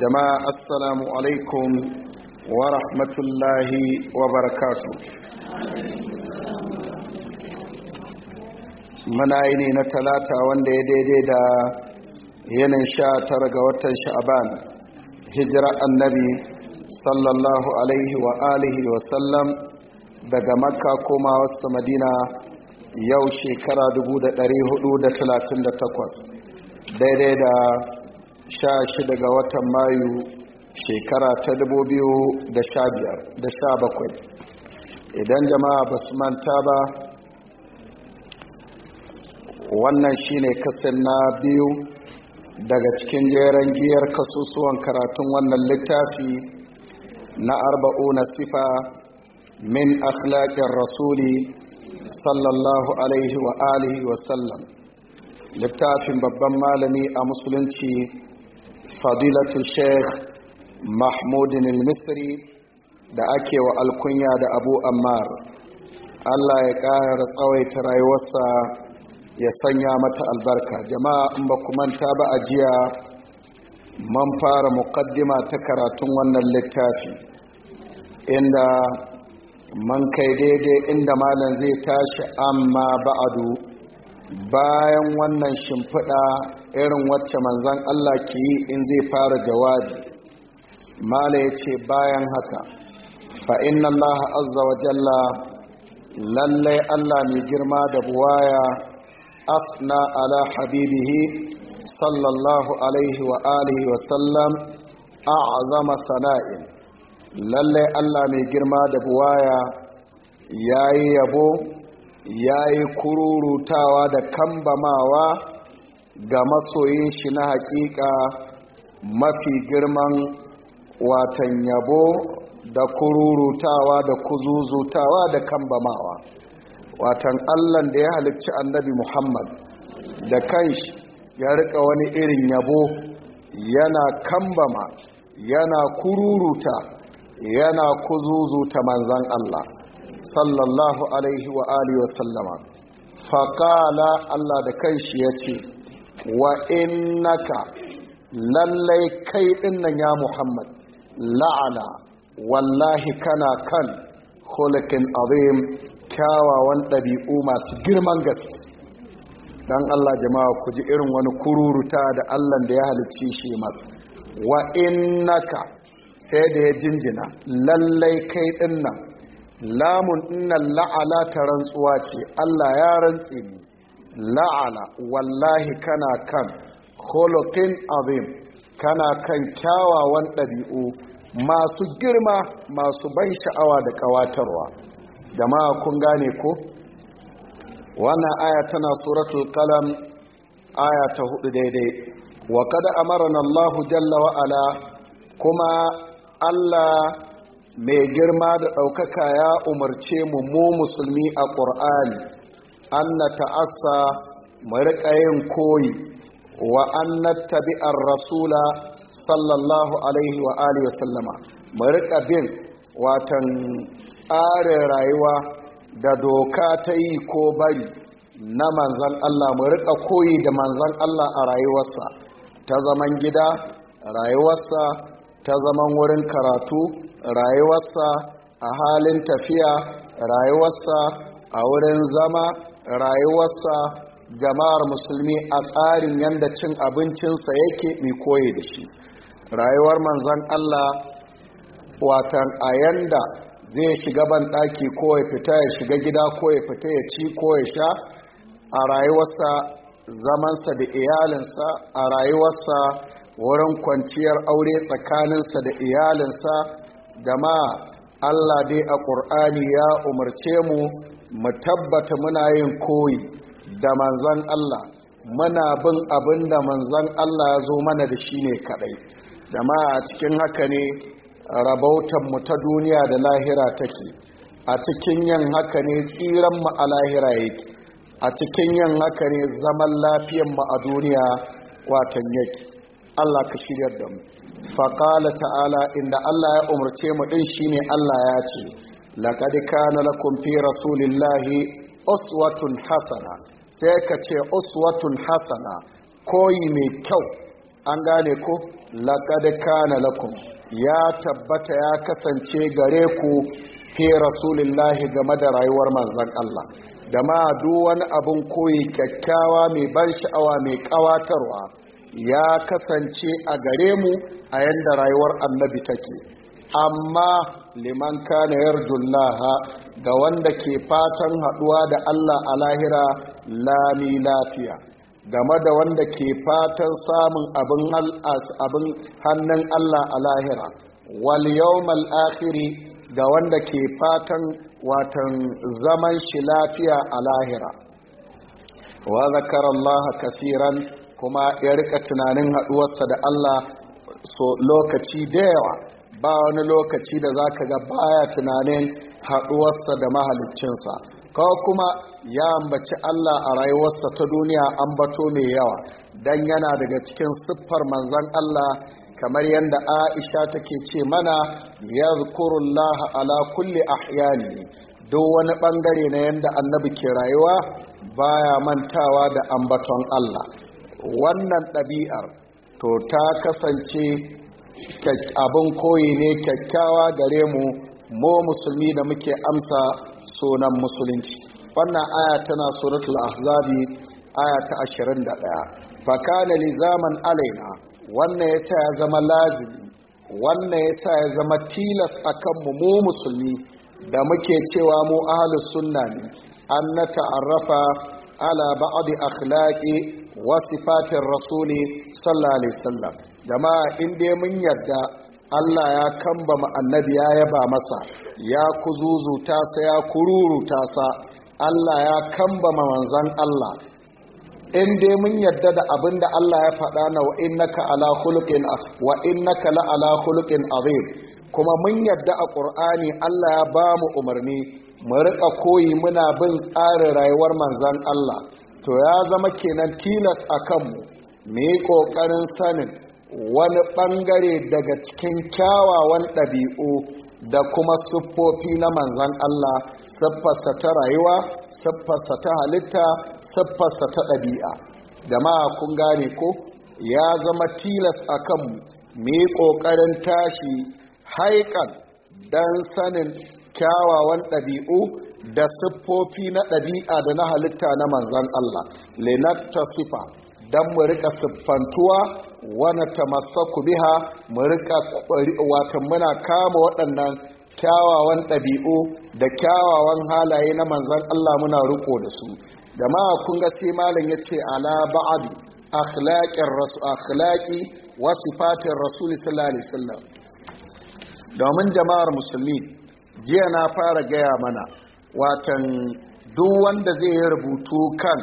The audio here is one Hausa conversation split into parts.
jama'a assalamu alaikum wa rahmatullahi wa barakatu muna yi ne na talata wanda ya daidai da yanin sha tara ga watan sha'aban hijira annabi sallallahu alaihi wa alihi wa sallam daga makka koma wasu madina yau shekara 438 daidai da 16 ga watan mayu shekara ta 2017 idan jama'a ba su manta ba wannan shine kasan na biyu daga cikin jeren giyar kasusuwan karatun wannan littafi na arba'u na sifa min akhlaƙin rasuli sallallahu alaihi wa alihi littafin babban malami a musulunci fadilat sheikh mahmudin al-misri da ake wa alkunya da abu ammar allah ya ƙara tsawaita rayuwarsa ya sanya mata albarka jama'a in ba manta ba a jiya man fara muƙaddima ta karatun wannan littafi inda man kai daidai inda malam zai tashi amma ba'adu bayan wannan shimfiɗa irin wacce manzan Allah ke yi in zai fara jawabi mala ya ce bayan haka fa'in Allah azza wa jalla lallai Allah mai girma da buwaya afna ala habibihi sallallahu alaihi wa alihi wa sallam a azama sana'in lallai Allah mai girma da buwaya ya yi yabo ya yi kururutawa da kambamawa ga masoyin shi na hakika mafi girman watan yabo da kururutawa da kuzuzutawa da kambamawa watan allan da ya halicci annabi muhammad da kanshi ya rika wani irin yabo yana kambama yana kururuta yana kuzuzuta manzan allah sallallahu alaihi wa alihi wasallama faƙala Allah da kanshi ya ce wa innaka lallai kai ɗinnan ya muhammad la'ala wallahi kana kan hulikin azim kyawawan ɗabi'u masu girman gaske don Allah jama'a ku ji irin wani kururuta da Allah da ya halicci shi masu wa innaka sai da ya jinjina lallai kai ɗinnan lamun ina la'ala ta rantsuwa ce Allah ya rantsi ne la'ala wallahi kana kan holokin abin, kana kan kyawawan ɗabi'u masu girma masu ban sha'awa da ƙawatarwa jama'a kun gane ko wannan aya tana suratul kalam aya ta hudu daidai wa kada amarana Allahu jalla ala kuma Allah mai girma da ɗaukaka ya umarce mu mu musulmi a ƙur'ani an na ta'asa mu riƙa yin koyi wa an na tabi'ar rasula sallallahu alaihi wa alihi sallama mu riƙa bin watan tsarin rayuwa da doka ta yi ko bari na manzan Allah mu riƙa koyi da manzan Allah a rayuwarsa ta zaman gida rayuwarsa ta zaman wurin karatu rayuwarsa a halin tafiya rayuwarsa a wurin zama rayuwarsa jama'ar musulmi a tsarin yadda cin abincinsa yake mai koyi da shi rayuwar manzan Allah watan a yanda zai shiga banɗaki ko ya fita ya shiga gida ko ya fita ya ci ko ya sha a rayuwarsa zamansa da iyalinsa a rayuwarsa wurin kwanciyar aure tsakaninsa da iyalinsa da ma Allah dai a ƙur'ani ya umarce mu mu tabbata muna yin koyi da manzan Allah muna bin abin da manzan Allah ya zo mana da shi ne kaɗai da ma a cikin haka ne mu ta duniya da lahira take a cikin yin haka ne mu a lahira yake a cikin yin haka ne zaman mu a duniya watan yake Allah ka shiryar da mu faƙala ta'ala inda Allah ya umarce mu ɗin shi ne Allah ya ce laƙad kana lakum fi rasulillahi uswatun hasana sai ka ce uswatun hasana koyi mai kyau an gane ko laƙad kana lakum ya tabbata ya kasance gare ku fi rasulillahi game da rayuwar manzon Allah da ma duk wani abin koyi kyakkyawa mai ban sha'awa mai ƙawatarwa ya kasance a gare mu a yadda rayuwar annabi take amma liman kana yarjullaha ga wanda ke fatan haduwa da Allah a lahira lami lafiya game da wanda ke fatan samun abin hannun Allah a lahira wal yawmal akhiri ga wanda ke fatan watan zaman shi lafiya a lahira wa zakara Allah kasiran kuma ya rika tunanin haduwarsa da Allah so lokaci da yawa ba wani lokaci da zaka ga baya tunanin haduwarsa da mahaliccinsa ko kuma ya ambaci Allah a rayuwarsa ta duniya ambato mai yawa dan yana daga cikin siffar manzon Allah kamar yadda Aisha take ce mana yazkurullaha ala kulli ahyani duk wani bangare na yadda annabi ke rayuwa baya mantawa da ambaton Allah wannan ɗabi'ar to ta kasance abin koyi ne kyakkyawa gare mu mu musulmi da muke amsa sunan musulunci wannan aya tana suratul ahzabi aya ta 21 fakana zaman alaina wannan yasa ya zama lazimi wannan yasa ya zama tilas akan mu mu musulmi da muke cewa mu ahlus sunna ne an nata'arrafa ala ba'd akhlaqi wasifatin rasuli sallallahu alaihi wasallam jama'a in dai mun yarda Allah ya kamba annabi ya yaba masa ya kuzuzuta sa ya kururuta sa Allah ya kamba ma manzon Allah in dai mun yarda da abinda Allah ya faɗa na wa innaka ala khuluqin wa innaka la ala khuluqin azim kuma mun yarda a Qur'ani Allah ya ba mu umarni mu riƙa koyi muna bin tsarin rayuwar manzon Allah to ya zama kenan tilas a kanmu mu yi ƙoƙarin sanin wani ɓangare daga cikin kyawawan ɗabi'u da kuma siffofi na manzan Allah siffarsa ta rayuwa siffarsa ta halitta siffarsa ta ɗabi'a jama'a kun gane ko ya zama tilas a kanmu mu yi ƙoƙarin tashi haikan don sanin kyawawan ɗabi'u da siffofi na ɗabi'a da na halitta na manzan Allah lenata sifa don mu rika siffantuwa wani ta tamassaku biha mu rika watan muna kama waɗannan kyawawan ɗabi'u da kyawawan halaye na manzan Allah muna riko da su jama'a kun ga sai malam ya ce ala ba'adu akhlaqir rasul akhlaqi wa rasul sallallahu alaihi domin jama'ar musulmi jiya na fara gaya mana watan duk wanda zai yi rubutu kan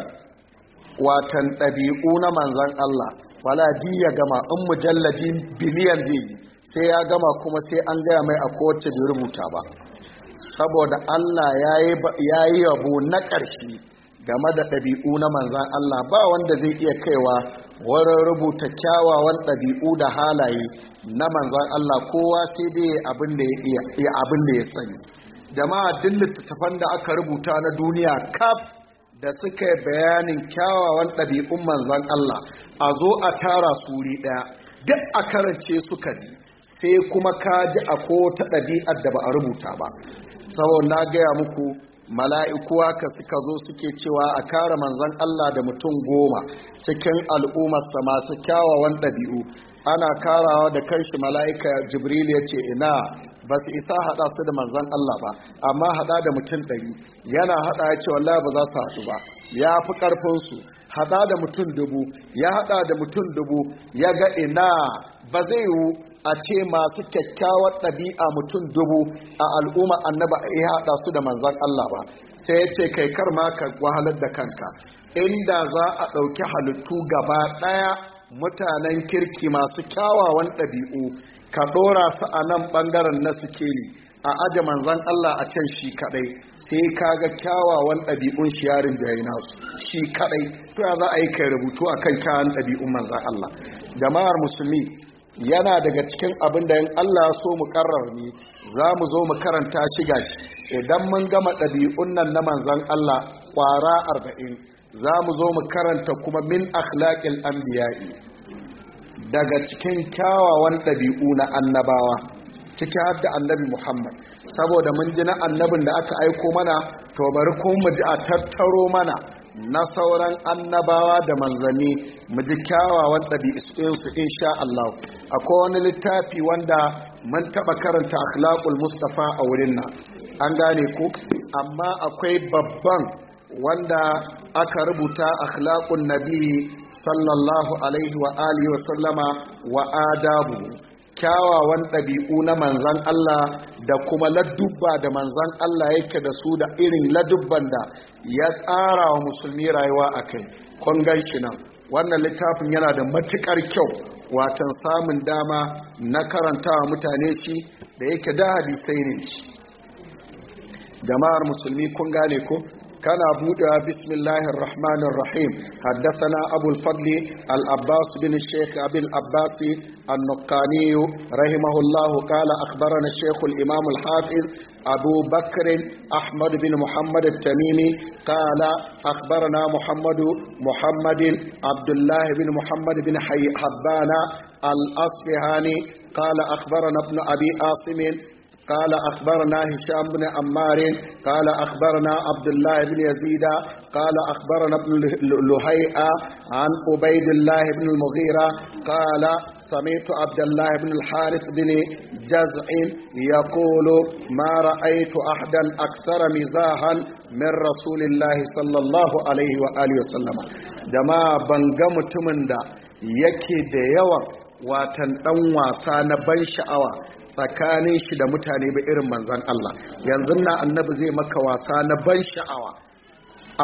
watan ɗabi'u na manzan Allah wala di gama in mujalladi biliyan zai yi sai ya gama kuma sai an gaya mai a kowace rubuta ba saboda Allah ya yi yabo na ƙarshe game da ɗabi'u na manzan Allah ba wanda zai iya kaiwa wurin rubuta kyawawan ɗabi'u da halaye na manzan Allah kowa sai dai abin da ya sani jama'a duk littattafan da aka rubuta na duniya kaf da suka yi bayanin kyawawan ɗabi'un manzan Allah a zo a tara suri ɗaya duk a karance suka ji sai kuma ka ji a ko ta ɗabi'ar da ba a rubuta ba saboda na gaya muku mala'ikuwa ka suka zo suke cewa a kara manzan Allah da mutum goma cikin al'ummarsa masu kyawawan ɗabi'u ana karawa da kanshi mala'ika jibril ya ce ina ba su isa haɗa su da manzan Allah ba amma haɗa da mutum ɗari yana haɗa ya ce wallah ba za su haɗu ba ya fi ƙarfinsu haɗa da mutum dubu ya haɗa da mutum dubu ya ga ina ba zai yiwu a ce masu kyakkyawar ɗabi'a mutum dubu a al'umma annaba ya haɗa su da manzan Allah ba sai ya ce kai kar ma ka wahalar da kanka inda za a ɗauki halittu gaba ɗaya mutanen kirki masu kyawawan ɗabi'u ka ɗora su a nan ɓangaren na sikeli a aje manzan Allah a can shi kaɗai sai ka ga kyawawan ɗabi'un shi yarin jayi nasu shi kaɗai to ya za a yi kai rubutu a kan kyawawan ɗabi'un manzan Allah jama'ar musulmi yana daga cikin abin da yin Allah so mu karrar ni za mu zo mu karanta shi gashi idan mun gama ɗabi'un nan na manzan Allah ƙwara arba'in za mu zo mu karanta kuma min akhlaƙil anbiya'i daga cikin kyawawan ɗabi'u na annabawa ciki har da annabi Muhammad saboda mun ji na annabin da aka aiko mana to bari kuma mu ji a tattaro mana na sauran annabawa da manzanni ji kyawawan ɗabi'insu insha Allah akwai wani littafi wanda mun taɓa karanta akhlaqul mustafa a wurin nan an gane ku amma akwai babban wanda aka rubuta akhlaqun nabi sallallahu alaihi wa alihi wa sallama wa adabu kyawawan ɗabi'u na manzan Allah da kuma ladubba da manzan Allah yake da su da irin ladubban da ya tsara wa musulmi rayuwa a kai kun gan shi nan wannan littafin yana da matukar kyau watan samun dama na karantawa mutane shi da yake da hadisai ne shi jama'ar musulmi kun gane ko kana buɗewa بسم الله الرحمن الرحيم حدثنا أبو الفضل الأباس بن الشيخ أبي الأباس النقاني رحمه الله قال أخبرنا الشيخ الإمام الحافظ أبو بكر أحمد بن محمد التميمي قال أخبرنا محمد محمد عبد الله بن محمد بن حبان الأصفهاني قال أخبرنا ابن أبي عاصم قال أخبرنا هشام بن عمار قال أخبرنا عبد الله بن يزيد قال أخبرنا ابن لهيئة عن عبيد الله بن المغيرة قال سمعت عبد الله بن الحارث بن جزع يقول ما رأيت أحدا أكثر مزاحا من رسول الله صلى الله عليه وآله وسلم جماعة بنغم تمندا yake da yawan watan ɗan wasa na ban sha'awa tsakanin shi da mutane ba irin manzan Allah yanzu na annabi zai maka wasa na ban sha'awa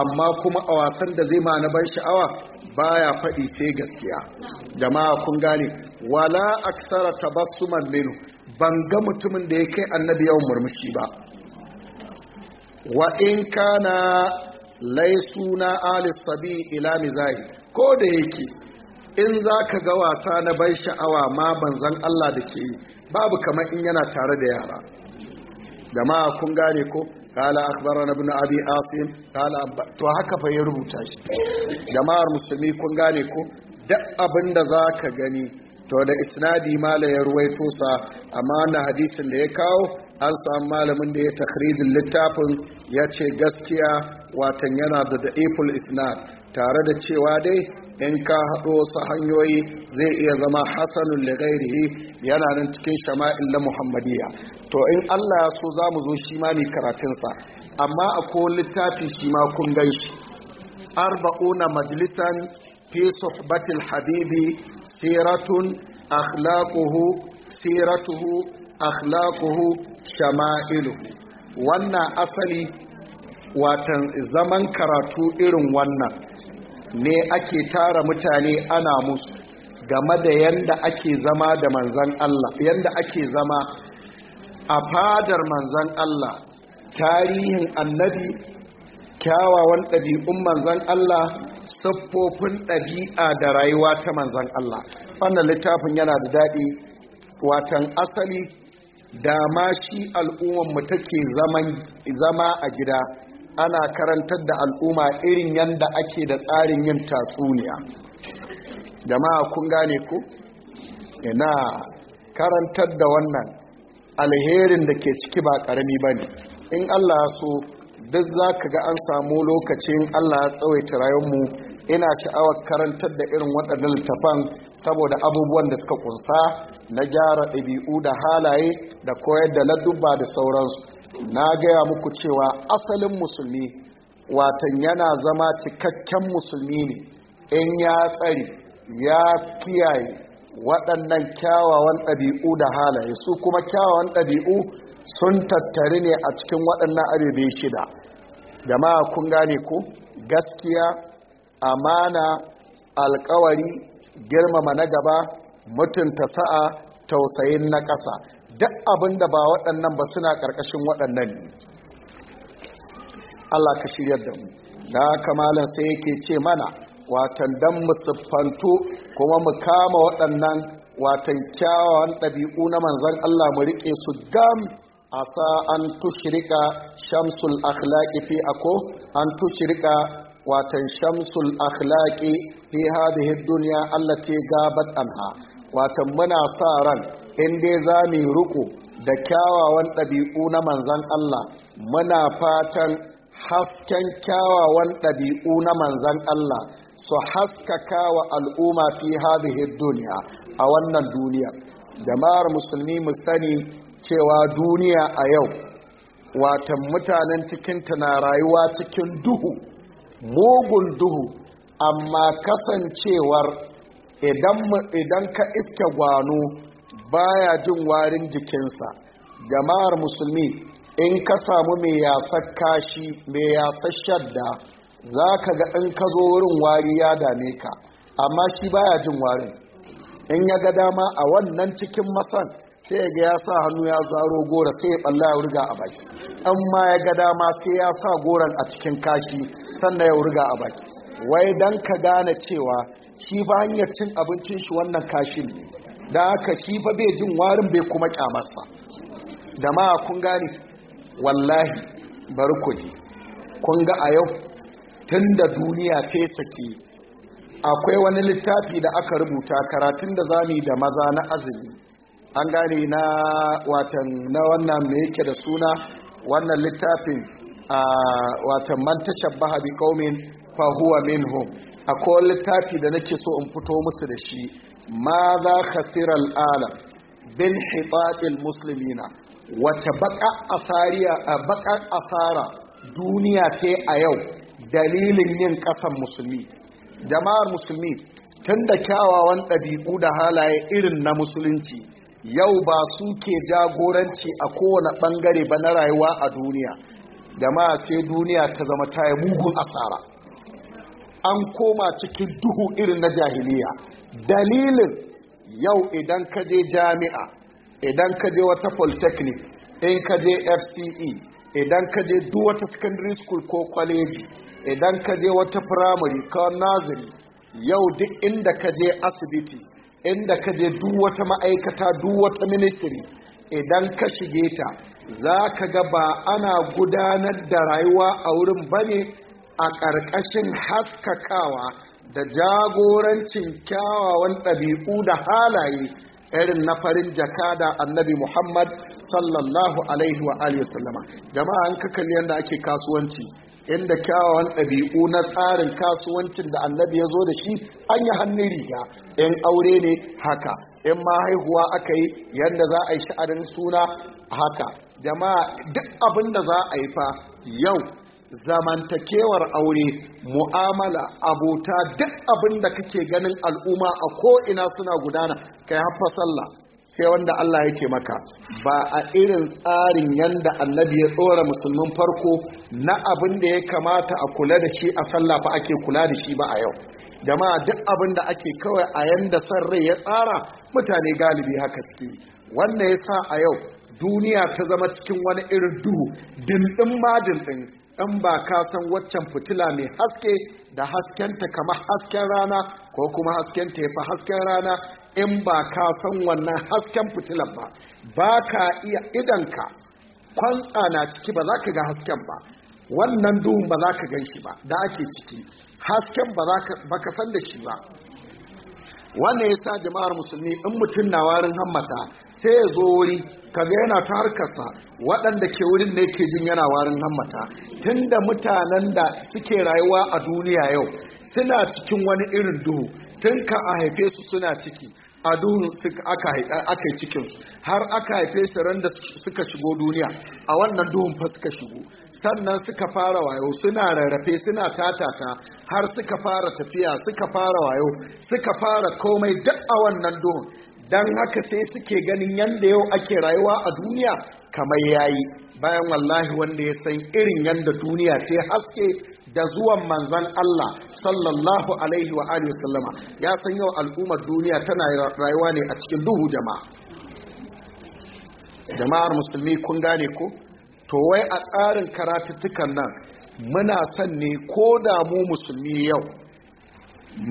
amma kuma a wasan da zai ma na ban sha'awa baya faɗi sai gaskiya jama'a kun gane wala aksara tabassuman minu ban ga mutumin da ya kai annabi yawan murmushi ba wa in kana laisuna ali sabi ila mizahi ko da yake in za ka ga wasa na bai sha'awa ma banzan Allah da ke yi babu kamar in yana tare da yara jama'a kun gane ko kala akbar na bin abi asim kala to haka fa ya rubuta shi jama'ar musulmi kun gane ko duk abin da za ka gani to da isnadi mala ya ruwaito sa amma na hadisin da ya kawo an samu malamin da ya takhrijin littafin ya ce gaskiya watan yana da da'iful isnad tare da cewa dai in ka haɗo wasu hanyoyi zai iya zama hasanun lagairihi yana nan cikin shama'il na muhammadiyya to in allah so za mu zo shi ma mai karatunsa amma a ko littafi shi ma kun gan shi arba'una majalisan fi suhbatil habibi siratun akhlaquhu siratuhu akhlaquhu shama'ilu wannan asali watan zaman karatu irin wannan ne ake tara mutane ana musu game da yanda ake zama da manzan Allah yanda ake zama a fadar manzan Allah tarihin annabi kyawawan ɗabi'un manzan Allah siffofin ɗabi'a da rayuwa ta manzan Allah wannan littafin yana da daɗi watan asali da ma shi mu take zama a gida ana karantar da al'umma irin yadda ake da tsarin yin tatsuniya jama'a kun gane ku ina karantar da wannan alherin da ke ciki ba karami ba ne in allah so duk za ka ga an samu lokacin allah ya tsawaita mu? ina sha'awar karantar da irin waɗannan littafan saboda abubuwan da suka kunsa na gyara ɗabi'u da halaye da koyar da ladubba da sauransu na gaya muku cewa asalin musulmi watan yana zama cikakken musulmi ne in ya tsari ya kiyaye waɗannan kyawawan ɗabi'u da halaye su kuma kyawawan ɗabi'u sun tattari ne a cikin waɗannan abebe shida jama'a kun gane ku gaskiya amana alkawari girmama na gaba mutunta sa'a tausayin na ƙasa duk abin da ba waɗannan ba suna ƙarƙashin waɗannan ne Allah ka shiryar da mu da kamalin sai yake ce mana watan dan mu siffantu kuma mu kama waɗannan watan kyawawan ɗabi'u na manzan Allah mu riƙe su gam asa an tushrika shamsul akhlaqi fi ako an tushrika watan shamsul akhlaqi fi hadhihi dunya allati gabat anha watan muna sa ran in dai za mu ruku da kyawawan ɗabi'u na manzan Allah muna fatan hasken kyawawan ɗabi'u na manzan Allah su haskaka wa al'umma fi hadhihi duniya a wannan duniyar jama'ar musulmi mu sani cewa duniya a yau watan mutanen cikin na rayuwa cikin duhu mugun duhu amma kasancewar idan ka iske gwano baya jin warin jikinsa jama'ar musulmi in ka samu mai yasar kashi mai yasar shadda za ka ga in ka zo wurin wari ya dame ka amma shi baya jin warin in ya ga dama a wannan cikin masan sai ga ya sa hannu ya zaro gora sai ya balla ya wurga a baki in ma ya ga dama sai ya sa goran a cikin kashi sannan ya wurga a baki wai dan ka gane cewa shi ba hanyar cin abincin shi wannan kashin ne da aka shi bai jin warin bai kuma kyamarsa da ma kun gane wallahi bari ku ji kun ga a yau tun da duniya ke sake akwai wani littafi da aka rubuta karatun da zami da maza na azumi an gane na watan na wannan mai yake da suna wannan littafin a watan man tashar bi kaumin fahuwa huwa akwai littafi da nake so in fito musu da shi ma za khasira al'alam bin hitatil musulmina wata baƙar asara duniya ce a yau dalilin yin ƙasan musulmi jama'ar musulmi tun da kyawawan ɗabi'u da halaye irin na musulunci yau ba su ke jagoranci a kowane ɓangare ba na rayuwa a duniya jama'a sai duniya ta zama ta yi mugun asara an koma cikin duhu irin na jahiliya dalilin yau idan kaje jami'a idan ka je wata polytechnic in ka je fce idan ka je duk secondary school ko kwaleji idan ka je wata primary ko nazari yau duk inda kaje asibiti inda kaje je duk ma'aikata duwata ministry idan ka shige ta za ka ga ba ana gudanar da rayuwa a wurin bane a ƙarƙashin haskakawa da jagorancin kyawawan ɗabi'u da halaye irin na farin jaka da annabi muhammad sallallahu alaihi wa alihi wasallama jama'a an kakalli yadda ake kasuwanci inda kyawawan ɗabi'u na tsarin kasuwancin da annabi ya zo da shi an yi hannun riga in aure ne haka in ma haihuwa aka yi yadda za a yi sha'arin suna haka jama'a duk abin da za a yi fa yau zamantakewar aure mu'amala abota duk abin da kake ganin al'umma a ko ina suna gudana kai haffa sallah sai wanda Allah yake maka ba a irin tsarin yanda annabi ya tsora musulmin farko na abin da ya kamata a kula da shi a sallah fa ake kula da shi ba a yau dama duk abin da ake kawai a yanda san rai ya tsara mutane galibi haka suke wannan yasa a yau duniya ta zama cikin wani irin duhu dindin ma dindin in ba ka san waccan fitila mai haske da haskenta kama hasken rana ko kuma haskenta ya fi hasken rana in ba ka san wannan hasken fitilan ba ba ka iya idanka kwantsa na ciki ba za ka ga hasken ba wannan duhun ba za ka gan shi ba da ake ciki hasken ba ka san da shi ba wannan ya sa jama'ar musulmi in mutum na warin hammata sai ya zo wuri kaga yana ta harkarsa waɗanda ke wurin ne ke jin yana warin hammata tunda mutanen da suke rayuwa a duniya yau suna cikin wani irin duhu tun ka a haife su suna ciki a duhun aka yi cikinsu har aka haife su ran suka shigo duniya a wannan duhun fa suka shigo sannan suka fara wayo suna rarrafe suna tatata har suka fara tafiya suka fara wayo suka fara komai duk a wannan duhun don haka sai suke ganin yadda yau ake rayuwa a duniya kamar yayi bayan wallahi wanda ya san irin yadda duniya ta haske da zuwan manzan Allah sallallahu alaihi wa alihi wasallama ya san yau al'ummar duniya tana rayuwa ne a cikin duhu jama'a jama'ar musulmi kun gane ko to wai a tsarin karatuttukan nan muna son ne ko da mu musulmi yau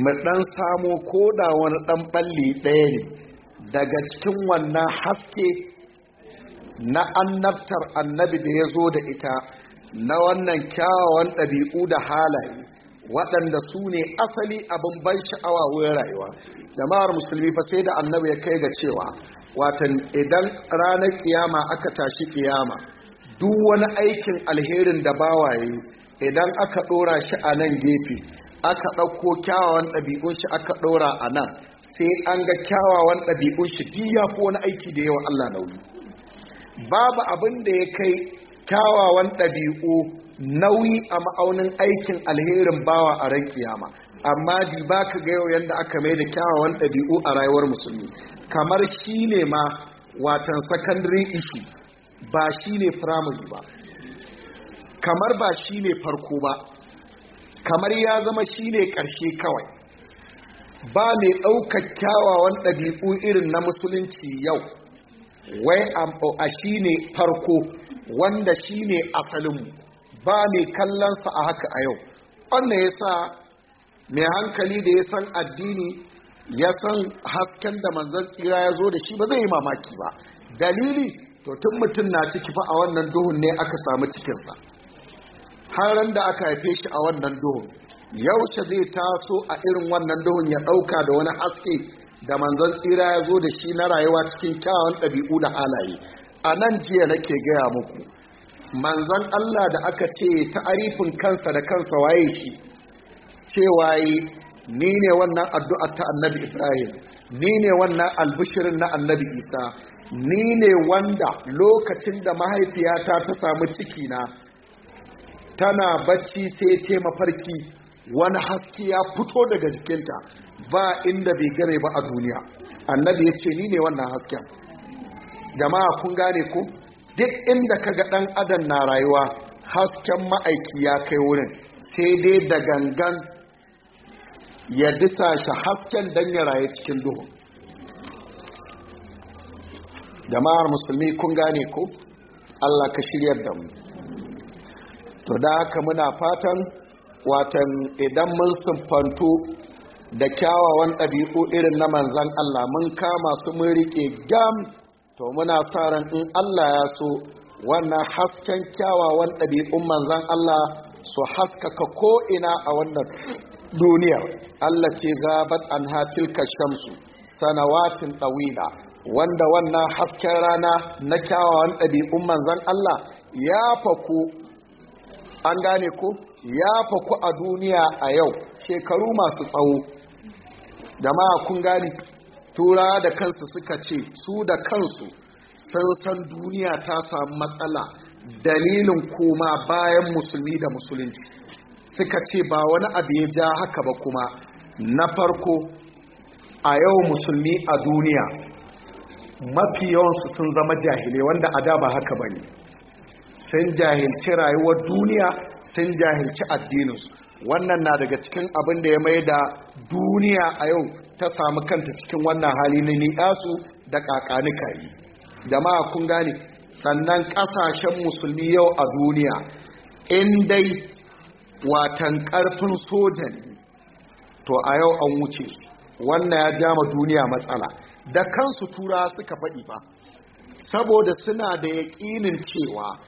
mu dan samo ko da wani dan balli ɗaya ne daga cikin wannan haske na annabtar annabi da ya zo da ita na wannan kyawawan ɗabi'u da halaye waɗanda su ne asali abin ban sha'awa wurin rayuwa jama'ar musulmi fa sai da annabi ya kai ga cewa watan idan ranar kiyama aka tashi kiyama duk wani aikin alherin da bawaye idan aka ɗora shi a nan gefe aka ɗauko kyawawan ɗabi'un shi aka ɗora a nan sai an ga kyawawan ɗabi'un shi duk ya fi wani aiki da yawa Allah nauyi babu abin da ya kai kyawawan ɗabi'u nauyi a ma'aunin aikin alherin bawa a ran kiyama amma di ba ka ga yau yadda aka mai da kyawawan ɗabi'u a rayuwar musulmi kamar shi ne ma watan secondary issue ba shi ne primary ba kamar ba shi ne farko ba kamar ya zama shi ne ƙarshe kawai ba mai ɗaukar kyawawan ɗabi'u irin na musulunci yau wai a shi ne farko wanda shi ne asalinmu ba mai kallonsa a haka a yau wannan ya sa mai hankali da ya san addini ya san hasken da manzan tsira ya zo da shi ba zai yi mamaki ba dalili to tun mutum na ciki fa a wannan duhun ne aka samu cikinsa har da aka haife shi a wannan duhun yaushe zai taso a irin wannan duhun ya ɗauka da wani haske da manzon tsira ya zo da shi na rayuwa cikin kyawun ɗabi'u da halaye a nan jiya nake gaya muku manzon allah da aka ce ta arifin kansa da kansa waye shi ce waye ni ne wannan addu'a ta annabi ibrahim ni ne wannan albishirin na annabi isa ni ne wanda lokacin da mahaifiyata ta samu cikina tana bacci sai taimafarki wani haske ya fito daga jikinta ba inda bai gane ba a duniya annabi ya ce ni ne wannan hasken jama'a kun gane ku duk inda ka ga ɗan adam na rayuwa hasken ma'aiki ya kai wurin sai dai da gangan ya disa shi hasken don ya rayu cikin duhu jama'ar musulmi kun gane ku allah ka shiryar da mu to da haka muna fatan watan idan mun siffantu da kyawawan ɗabi'u irin na manzan Allah mun kama su mun riƙe gam to muna sa ran in Allah ya so wannan hasken kyawawan ɗabi'un manzan Allah su haskaka ko'ina a wannan duniyar. Allah ce gabat an hatil shamsu sanawatin ɗawila wanda wannan hasken rana na kyawawan ɗabi'un manzan Allah ya faku an gane ku ya faku a duniya a yau shekaru masu tsawo jama'a kun gani tura da kansu suka ce su da kansu sun san duniya ta samu matsala dalilin koma bayan musulmi da musulunci suka ce ba wani abu ya ja haka ba kuma na farko a yau musulmi a duniya mafi yawansu sun zama jahilai wanda a da ba haka bane, sun jahilci rayuwar duniya sun jahilci addininsu wannan na daga cikin abin da ya mai da duniya a yau ta samu kanta cikin wannan hali na niyasu da kakanika yi jama'a kun gane sannan ƙasashen musulmi yau a duniya in dai watan karfin sojan to a yau an wuce wannan ya jama duniya matsala da kansu tura suka faɗi ba saboda suna da yaƙinin cewa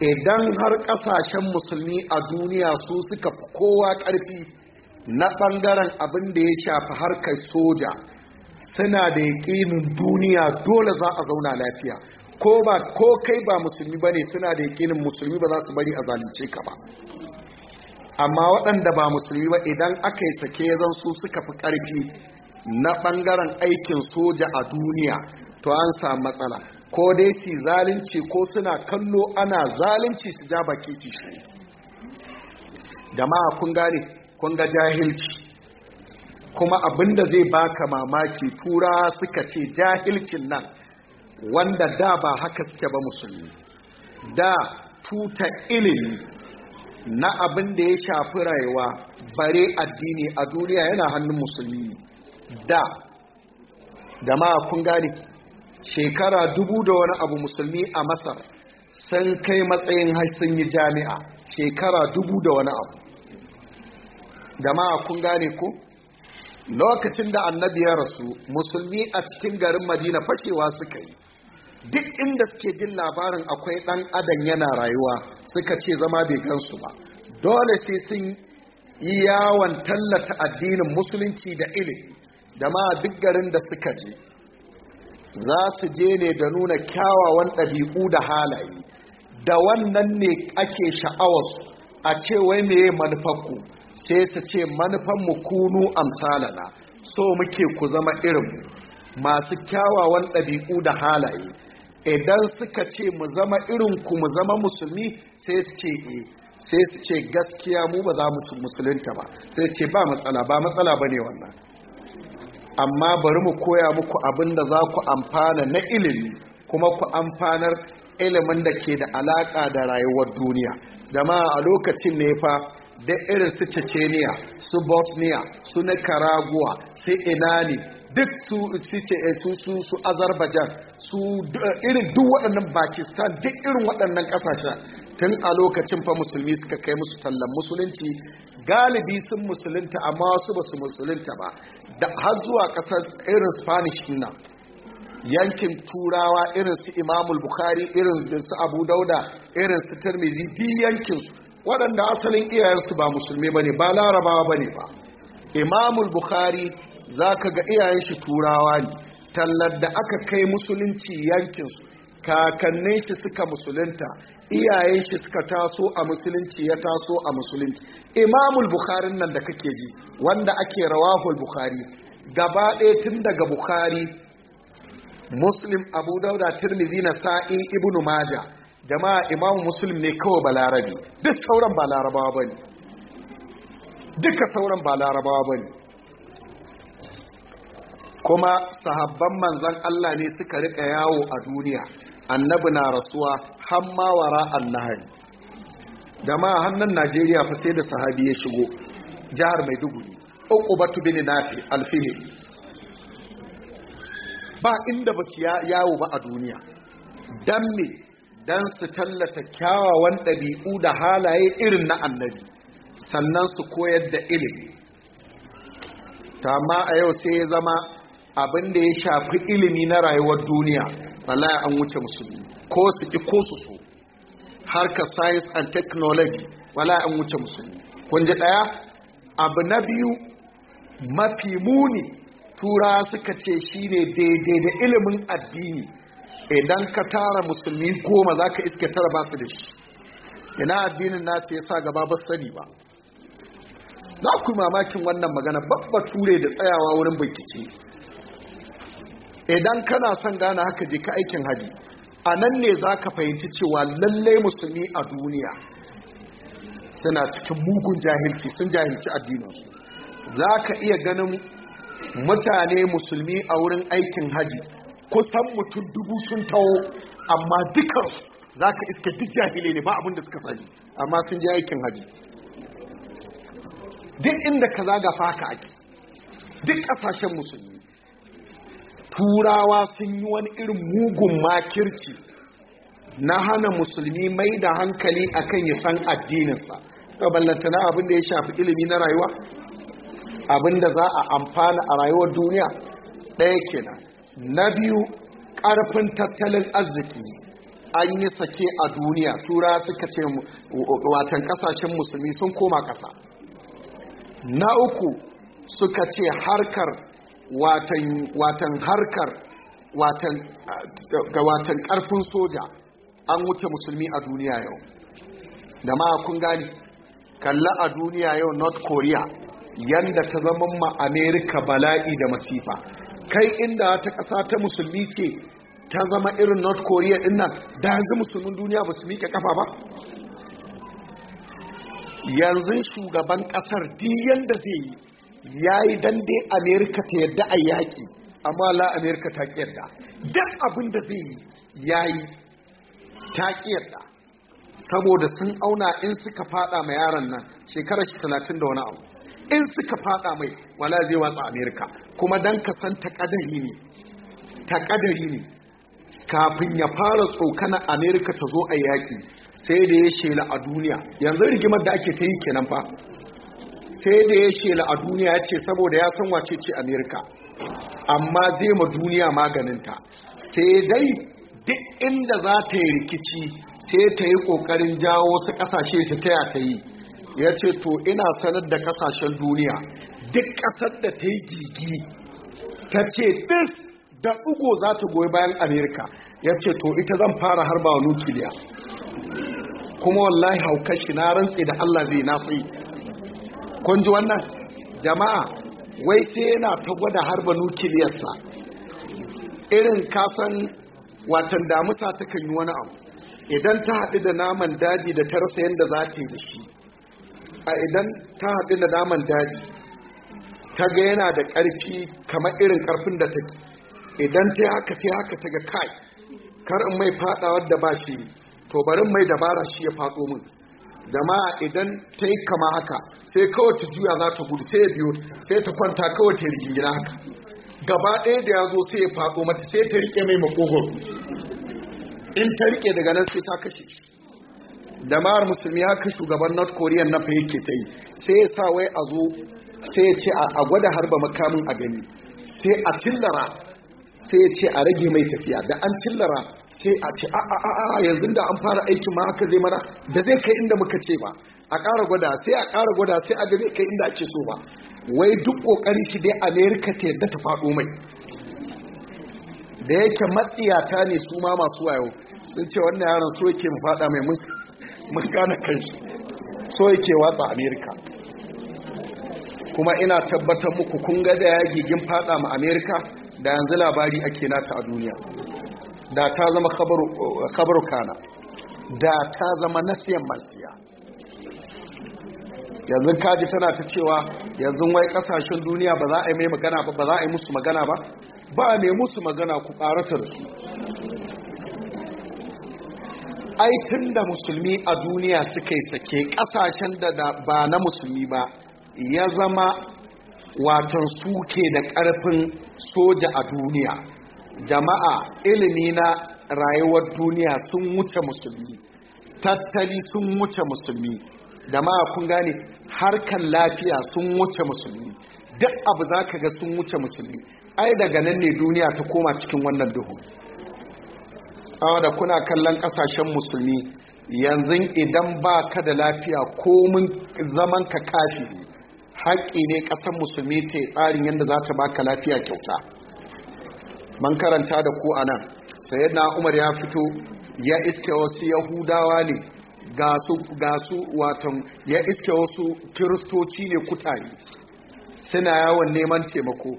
idan har kasashen musulmi a duniya su suka fi kowa ƙarfi na bangaren abin da ya shafi harkar soja suna da yaƙinin duniya dole za a zauna lafiya ko ba ko kai ba musulmi ba ne suna da yaƙinin musulmi ba za su bari a zalunce ka ba amma waɗanda ba musulmi ba idan aka yi sake zan su suka fi ƙarfi na bangaren aikin soja a duniya to an samu matsala ko dai su zalunci ko suna kallo ana zalunci su ja baki su shi jama'a kun gane kun ga jahilci kuma abinda zai baka mamaki tura suka ce jahilcin nan wanda da ba haka suke ba musulmi da tuta ilimi na abin da ya shafi rayuwa bare addini a duniya yana hannun musulmi da jama'a kun gane shekara dubu da wani abu musulmi a masar sun kai matsayin sun yi jami'a shekara dubu da wani abu ma kun gane ku? lokacin da annabi ya rasu musulmi a cikin garin madina fashewa suka yi duk inda suke jin labarin akwai dan adam yana rayuwa suka ce zama bai gansu ba dole sai sun yi yawon tallata addinin musulunci da ilimi da ma duk garin da suka je za su je ne da nuna kyawawan ɗabi'u da halaye da wannan ne ake sha'awarsu a ce wai meye manufarku sai su ce manufanmu kunu amsalana so muke ku zama irinmu masu kyawawan ɗabi'u da halaye idan suka ce mu zama irinku mu zama musulmi sai su ce e sai su ce gaskiya mu ba za mu musulunta ba sai ce ba matsala ba matsala ba ne wannan amma bari mu koya muku abin da za ku amfana na ilimi kuma ku amfanar ilimin da ke da alaƙa da rayuwar duniya jama'a a lokacin ne fa da irin su chechenia su bosnia su nicaragua su inani duk su su eh, su azerbaijan su eh, irin duk waɗannan pakistan duk irin waɗannan ƙasashen tun a lokacin fa musulmi suka kai musu tallan musulunci galibi sun musulunta amma wasu ba su musulunta ba da har zuwa kasar irin spanish na yankin turawa irin su imamul bukhari irin su abu dauda irin su tarmizi di yankin su waɗanda asalin iyayensu ba musulmi ba ne ba larabawa ba ne ba imamul bukhari za ka ga iyayen shi turawa ne tallar da aka kai musulunci yankinsu kakannin shi suka musulunta iyayen shi suka taso a musulunci ya taso a musulunci imamul bukhari nan da kake ji wanda ake rawahul bukhari gaba ɗaya tun daga bukhari muslim abu dauda tirmidhi na sa'i ibnu maja jama'a imamu muslim ne kawai balarabi duk sauran ba larabawa bane duka sauran ba larabawa bane kuma sahabban manzan Allah ne suka rika yawo a duniya annabi na rasuwa hamma wara Da ma hannun najeriya fa sai da sahabi ya shigo jihar maiduguri uqubatu bin nafi alfihe ba inda ba su yawo ba a duniya dan me dan su tallata kyawawan ɗabi'u da halaye irin na annabi sannan su koyar da ilimi ta ma a yau sai ya zama abin da ya shafi ilimi na rayuwar duniya wallahi an wuce musulmi ko su ki ko su so harkar science and technology wallahi an wuce musulmi kun ji daya abu na biyu mafi muni tura suka ce shine daidai da ilimin addini idan ka tara musulmi goma za ka iske tara ba su da shi ina addinin na ce sa gaba ba sani ba Na ku mamakin wannan magana babba ture da tsayawa wurin bincike idan kana son gane haka je ka aikin haji a nan ne za ka fahimci cewa lallai musulmi a duniya suna cikin mugun jahilci sun jahilci addininsu za ka iya ganin mutane musulmi a wurin aikin haji kusan mutum dubu sun taho amma dukansu za ka iska duk jahile ne ba abinda suka sani amma sun ji aikin haji duk inda ka zaga fa haka ake duk ƙasashen musulmi turawa sun yi wani irin mugun makirci na hana musulmi mai da hankali akan ya san addininsa da na abin da ya shafi ilimi na rayuwa abin da za a amfana a rayuwar duniya ɗaya kenan na biyu ƙarfin tattalin arziki an yi sake a duniya tura suka ce watan ƙasashen musulmi sun koma ƙasa na uku suka ce harkar watan harkar ga watan karfin soja an wuce musulmi a duniya yau da ma kun gani kalla a duniya yau north korea yanda ta zama ma america bala'i da masifa kai inda ta kasa ta musulmi ce ta zama irin north korea din da yanzu musulmin duniya ba su ƙafa kafa ba yanzu shugaban kasar diyan da zai yi ya yi dan dai amerika ta yadda a yaƙi amma la amerika ta ƙi yadda duk abin da zai yi ya yi ta ƙi yadda saboda sun auna in suka fada ma yaron nan shekarar shi talatin da wani abu in suka fada mai wala zai watsa amerika kuma dan ka san takadari ne ne kafin ya fara tsokana amerika ta zo a yaƙi sai da ya shela a duniya yanzu rigimar da ake ta yi kenan fa sai da ya shela a duniya ya ce saboda ya san wace ce amerika amma zai ma duniya maganinta sai dai duk inda za ta yi rikici sai ta yi kokarin jawo wasu kasashe su taya ta yi ya ce to ina sanar da kasashen duniya duk kasar da ta yi gigi ta ce dis da ugo za ta goyi bayan amerika ya ce to ita zan fara harba wa nukiliya kuma wallahi haukashi na rantse da allah zai na kun ji wannan jama'a wai sai yana ta gwada harba nukiliyarsa irin kasan watan damusa ta kan yi wani abu idan ta haɗu da naman daji da ta rasa yadda za ta yi da shi a idan ta haɗu da naman daji ta ga yana da ƙarfi kamar irin ƙarfin da ta take idan ta haka ta haka ta ga kai kar in mai faɗawar da ba shi to barin mai dabara shi ya faɗo min jama'a idan ta yi kama haka sai kawai ta juya za ta gudu sai ya biyo sai ta kwanta kawai ta rigingina haka gaba ɗaya da ya zo sai ya faɗo mata sai ta rike mai makogon in ta rike daga nan sai ta kashe jama'ar musulmi haka shugaban north korea na fa yake ta yi sai ya sa wai a zo sai ya ce a gwada harba makamin a gani sai a tillara sai ya ce a rage mai tafiya da an tillara sai a ce a yanzu da an fara aiki ma haka zai mana da zai kai inda muka ce ba a ƙara gwada sai a ƙara gwada sai a ga kai inda ake so ba wai duk ƙoƙari shi dai amerika ta yadda ta faɗo mai da yake matsiyata ne su ma masu wayo sun ce wannan yaron so yake mu faɗa mai mun gane kanshi so yake watsa amerika kuma ina tabbatar muku kun ga da yagigin gigin faɗa ma amerika da yanzu labari ake nata a duniya da ta zama khabar kana da ta zama nasiyan masiya. yanzu kaji tana ta cewa yanzu wai kasashen duniya ba za a yi mai magana ba ba za a yi musu magana ba ba a mai musu magana ku karatar su aikin da musulmi a duniya suka yi sake kasashen da ba na musulmi ba ya zama watan suke da karfin soja a duniya jama'a ilimi na rayuwar duniya sun wuce musulmi tattali sun wuce musulmi jama'a kun gane harkan lafiya sun wuce musulmi duk abu za ka ga sun wuce musulmi ai daga nan ne duniya ta koma cikin wannan duhu da kuna kallon kasashen musulmi yanzu idan ba ka da lafiya komin zaman ka kafi haƙƙi ne ƙasar musulmi ta yi tsarin yadda za ta baka lafiya kyauta man karanta da ku anan, sai sayyidina umar ya fito ya iske wasu yahudawa ne ga su watan ya iske wasu kiristoci ne kutare suna yawon neman taimako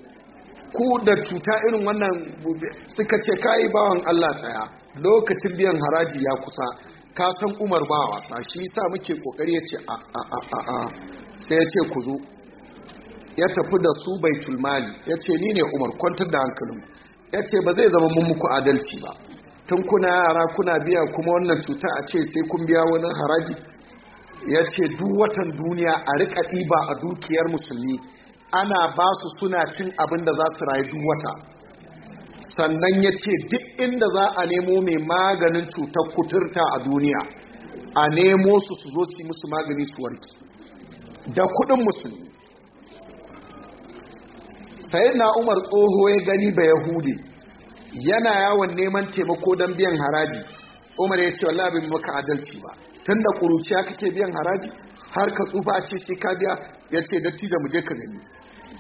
ku da cuta irin wannan suka ce kayi bawan allah tsaya lokacin biyan haraji ya kusa ka san umar ba wasa shi sa muke kokari ya ce a a a sai ya ce ku zo ya tafi da su bai tulmali ya ce ni ne umar kwantar da hankalin ya ce ba zai zama mun muku adalci ba tun kuna yara kuna biya kuma wannan cuta a ce sai kun biya wani haraji ya ce duk watan duniya a rika ɗiba a dukiyar musulmi ana ba su suna cin abin da za su rayu duk wata sannan ya ce duk inda za a nemo mai maganin cutar kuturta a duniya a nemo su su zo su yi musu magani su warki da kuɗin musulmi sayin na umar tsoho ya gani ba yahudi yana yawon neman taimako don biyan haraji umar ya ce wallahi bin maka adalci ba tun da ƙuruciya kake biyan haraji har ka tsufa ce sai ka biya ya ce dattijan mu je ka gani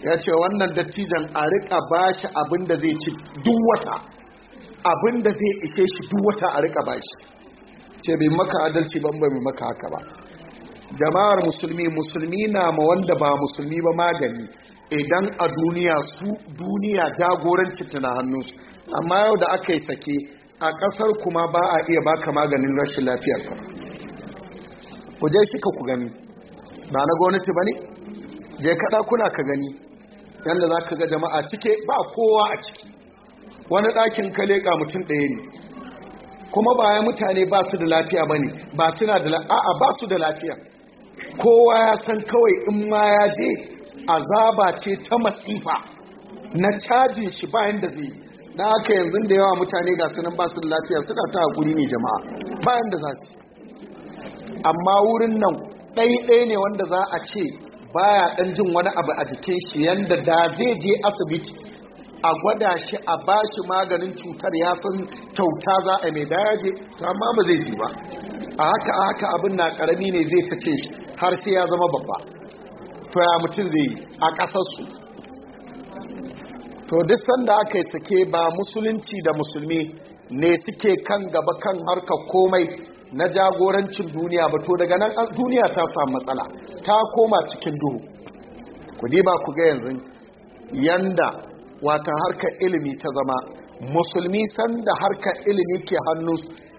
ya ce wannan dattijan a rika ba shi abin zai ci duk wata zai ishe shi duk wata a rika ba shi ce bai maka adalci ban bai maka haka ba jama'ar musulmi musulmi na ma wanda ba musulmi ba magani idan a duniya su duniya jagoranci tana hannunsu amma yau da aka yi sake a ƙasar kuma ba a iya baka maganin rashin lafiyar ka ku je shi ka ku gani ba na gwamnati ba ne je kaɗa kuna ka gani yadda za ka ga jama'a cike ba kowa a ciki wani ɗakin ka leƙa mutum ɗaya ne kuma ba ya mutane ba su da lafiya ba ne ba suna da a'a ba su da lafiya kowa ya san kawai in ma ya je azaba ce ta masifa na cajin shi bayan da zai da aka yanzu da yawa mutane ga sunan basu lafiya suna ta hakuri ne jama'a bayan da za su amma wurin nan ɗaiɗai ne wanda za a ce baya ɗan jin wani abu a jikin shi yanda da zai je asibiti a gwada shi a ba shi maganin cutar ya san kyauta za a mai dayaje to amma ba zai ji ba a haka a haka abin na karami ne zai ta ce har sai ya zama babba To ya mutum zai yi a ƙasarsu to duk sanda aka yi sake ba musulunci da musulmi ne suke kan gaba kan harkar komai na jagorancin duniya ba to daga nan duniya ta samu matsala ta koma cikin duhu ku ba ku ga yanzu yanda wata harkar ilimi ta zama musulmi sanda harkar ilimi ke hannu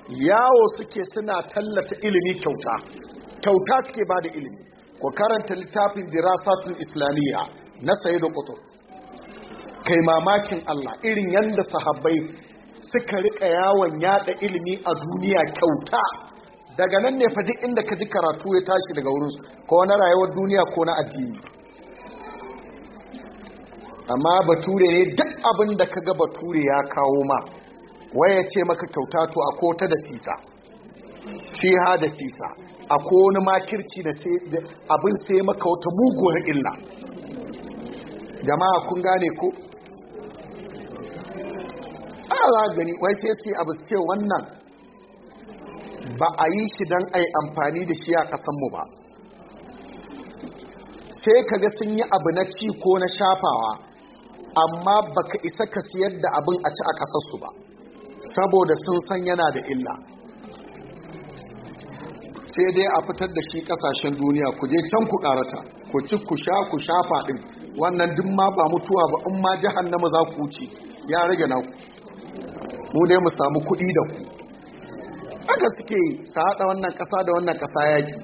yawo suke suna tallata ilimi kyauta kyauta suke ba da ilimi ku karanta littafin dirasatul islamiyya na sayyidu qutb kai mamakin Allah irin yanda sahabbai suka rika yawon yada ilimi a duniya kyauta daga nan ne fa duk inda ka ji karatu ya tashi daga wurin su ko na rayuwar duniya ko na addini amma bature ne duk abin da kaga bature ya kawo ma waya ce maka kyauta to a kota da sisa fiha da sisa a wani makirci da abin sai maka wata muguwar illa jama'a kun gane ko a za wai sai sai abu ce wannan ba a yi shi don a yi amfani da shi a kasanmu ba sai kaga sun yi abu na ci ko na shafawa amma baka isa ka siyar da abin a ci a kasarsu ba saboda sun san yana da illa sai dai a fitar da shi kasashen duniya ku je can ku karata ku ci ku sha ku sha faɗin wannan duk ma ba mutuwa ba in ma jahannama za ku wuce ya rage naku mu dai mu samu kuɗi da ku aka suke sa hada wannan ƙasa da wannan ƙasa yaki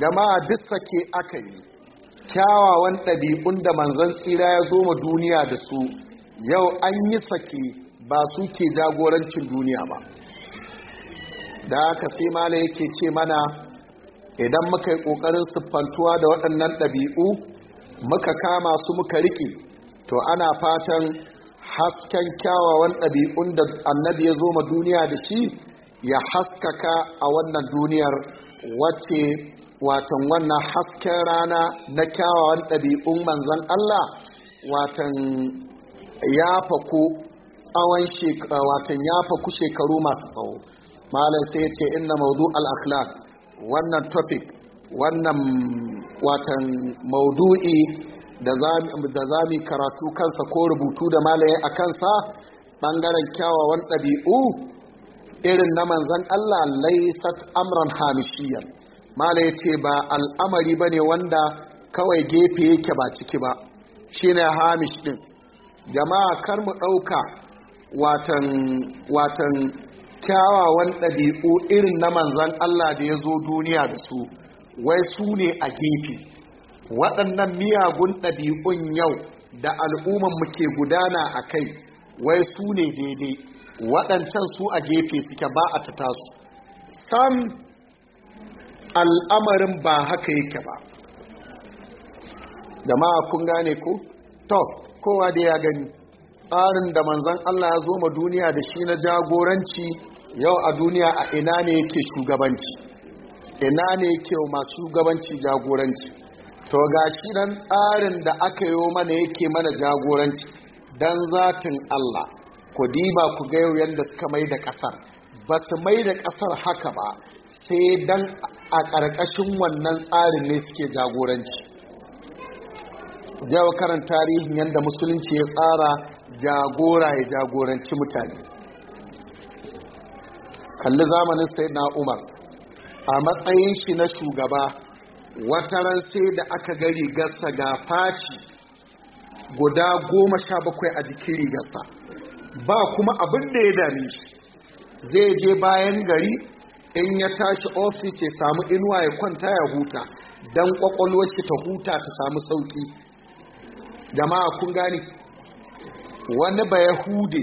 jama'a duk sake aka yi kyawawan ɗabi'un da manzan tsira ya zo ma duniya da su yau an yi sake ba su ke jagorancin duniya ba da aka sai mala yake ce mana idan muka yi ƙoƙarin siffantuwa da waɗannan ɗabi'u muka kama su muka riƙe to ana fatan hasken kyawawan ɗabi'un da annabi ya zo ma duniya da shi ya haskaka a wannan duniyar wacce watan wannan hasken rana na kyawawan ɗabi'un manzan Allah watan ya faku tsawon watan ya shekaru masu tsawo malam sai ya ce inna maudu al-akhlaq wannan topic wannan watan maudu'i da za mu karatu kansa ko rubutu da malaye a kansa ɓangaren kyawawan ɗabi'u irin na manzan Allah laisat amran hamishiyan ya ce ba al'amari ba ne wanda kawai gefe yake ba ciki ba shi ne hamish ɗin jama'a kar mu ɗauka watan kyawawan ɗabi'u irin na manzan Allah da ya zo duniya da su wai su ne a gefe waɗannan miyagun ɗabi'un yau da al'umman muke gudana a kai wai su ne daidai waɗancan su a gefe suke ba a tata su sam al'amarin ba haka yake ba ma kun gane ku? to kowa da ya gani tsarin da manzan Allah ya zo ma duniya da shi na jagoranci yau a duniya a ina ne yake shugabanci ina ne yake masu shugabanci jagoranci to ga shi nan tsarin da aka yi mana yake mana jagoranci dan zatin Allah ku diba ku ga yau yadda suka mai da ƙasar ba su mai da ƙasar haka ba sai dan a ƙarƙashin wannan tsarin ne suke jagoranci jawo karan tarihin yadda musulunci ya tsara jagora ya jagoranci mutane kalli zamanin sai na umar a matsayin shi na shugaba wataran sai da aka ga rigarsa ga faci guda goma sha bakwai a jikin rigarsa ba kuma abin da ya dame shi zai je bayan gari in ya tashi ofis ya samu inuwa ya kwanta ya huta don ƙwaƙwalwa shi ta huta ta samu sauki jama'a kun gani wani bayahude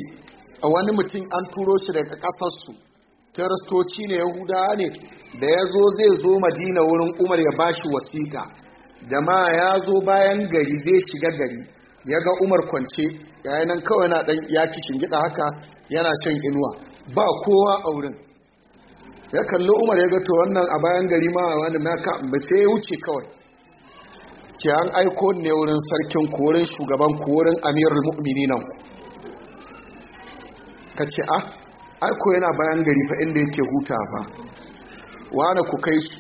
wani mutum an turo shi daga ƙasarsu kiristoci ne yahudawa ne da ya zo zai zo madina wurin umar ya bashi wasiƙa jama'a ya zo bayan gari zai shiga gari ya ga umar kwance yayin nan kawai na ɗan ya kishin gida haka yana shan inuwa ba kowa a wurin ya kalli umar ya ga to wannan a bayan gari ma wani maka ba sai ya wuce kawai ke an aiko ne wurin sarkin korin shugaban korin amirul mu'minin nan ka ce ah aiko yana bayan gari fa inda yake huta fa Wane ku kai su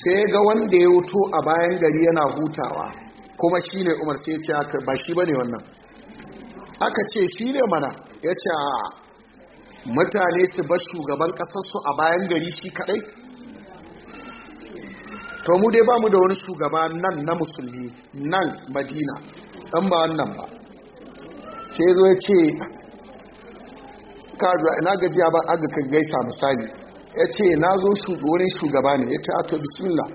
sai ya ga wanda ya wuto a bayan gari yana hutawa kuma shi ne umar sai ya ce ba shi ba ne wannan aka ce shi ne mana ya ce mutane su ba shugaban kasarsu a bayan gari shi kaɗai? to mu dai ba mu da wani shugaba nan na musulmi nan madina ɗan ba wannan ba sai zo ya ce kajuwa ina gajiya ba aga ka gaisa misali ya ce na zo wurin shugaba ne ya ce ato bismillah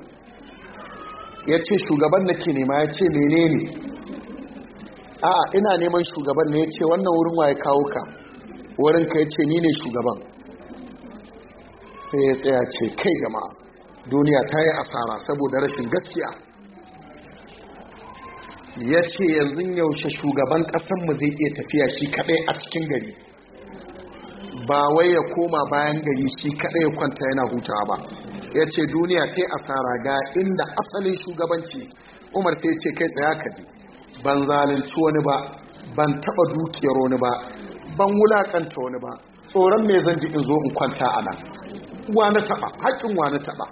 ya ce shugaban na ke nema ya ce mene ne a ina neman shugaban ne ya ce wannan wurin waye kawo ka wurin ka ya ce ni ne shugaban sai ya tsaya ce kai gama duniya ta yi asara saboda rashin gaskiya ya ce yanzu yaushe shugaban ƙasanmu zai iya tafiya shi kaɗai a cikin gari ba wai ya koma bayan gari shi kada ya kwanta yana hutawa ba ya ce duniya ta yi asara ga inda asalin shugabanci umar sai ce kai tsaya ka ji ban zalunci wani ba ban taba dukiyar wani ba ban wulakanta wani ba tsoron me zan ji in zo in kwanta a nan wani taba haƙƙin wani taba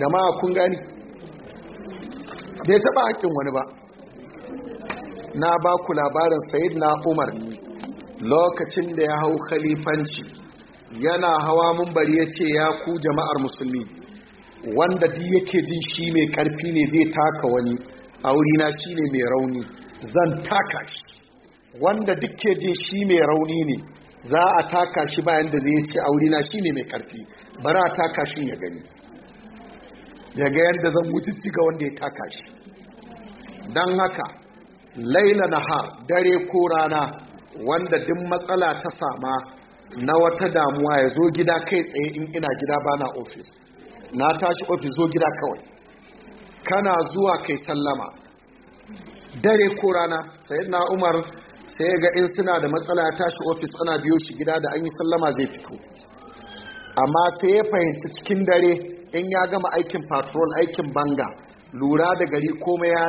jama'a kun gani bai taba haƙƙin wani ba na ba ku labarin sayid na umar ne lokacin da ya hau khalifanci yana hawa mumbari ya ce ya ku jama'ar musulmi wanda duk yake jin shi mai karfi ne zai taka wani a wurina shi ne mai rauni zan taka shi wanda duk ke jin shi mai rauni ne za a taka shi bayan da zai ce a wurina shi ne mai karfi bara a taka shi ya gani ya ga yadda zan mutunci ga wanda ya taka shi don haka laila na har dare ko rana wanda duk matsala ta sama na wata damuwa ya zo gida kai tsaye in ina gida ba na ofis na tashi ofis zo gida kawai kana zuwa kai sallama dare ko rana sai na umar sai ga in suna da matsala ya tashi ofis ana biyo shi gida da an yi sallama zai fito amma sai ya fahimci cikin dare in ya gama aikin patrol aikin banga lura da gari komai ya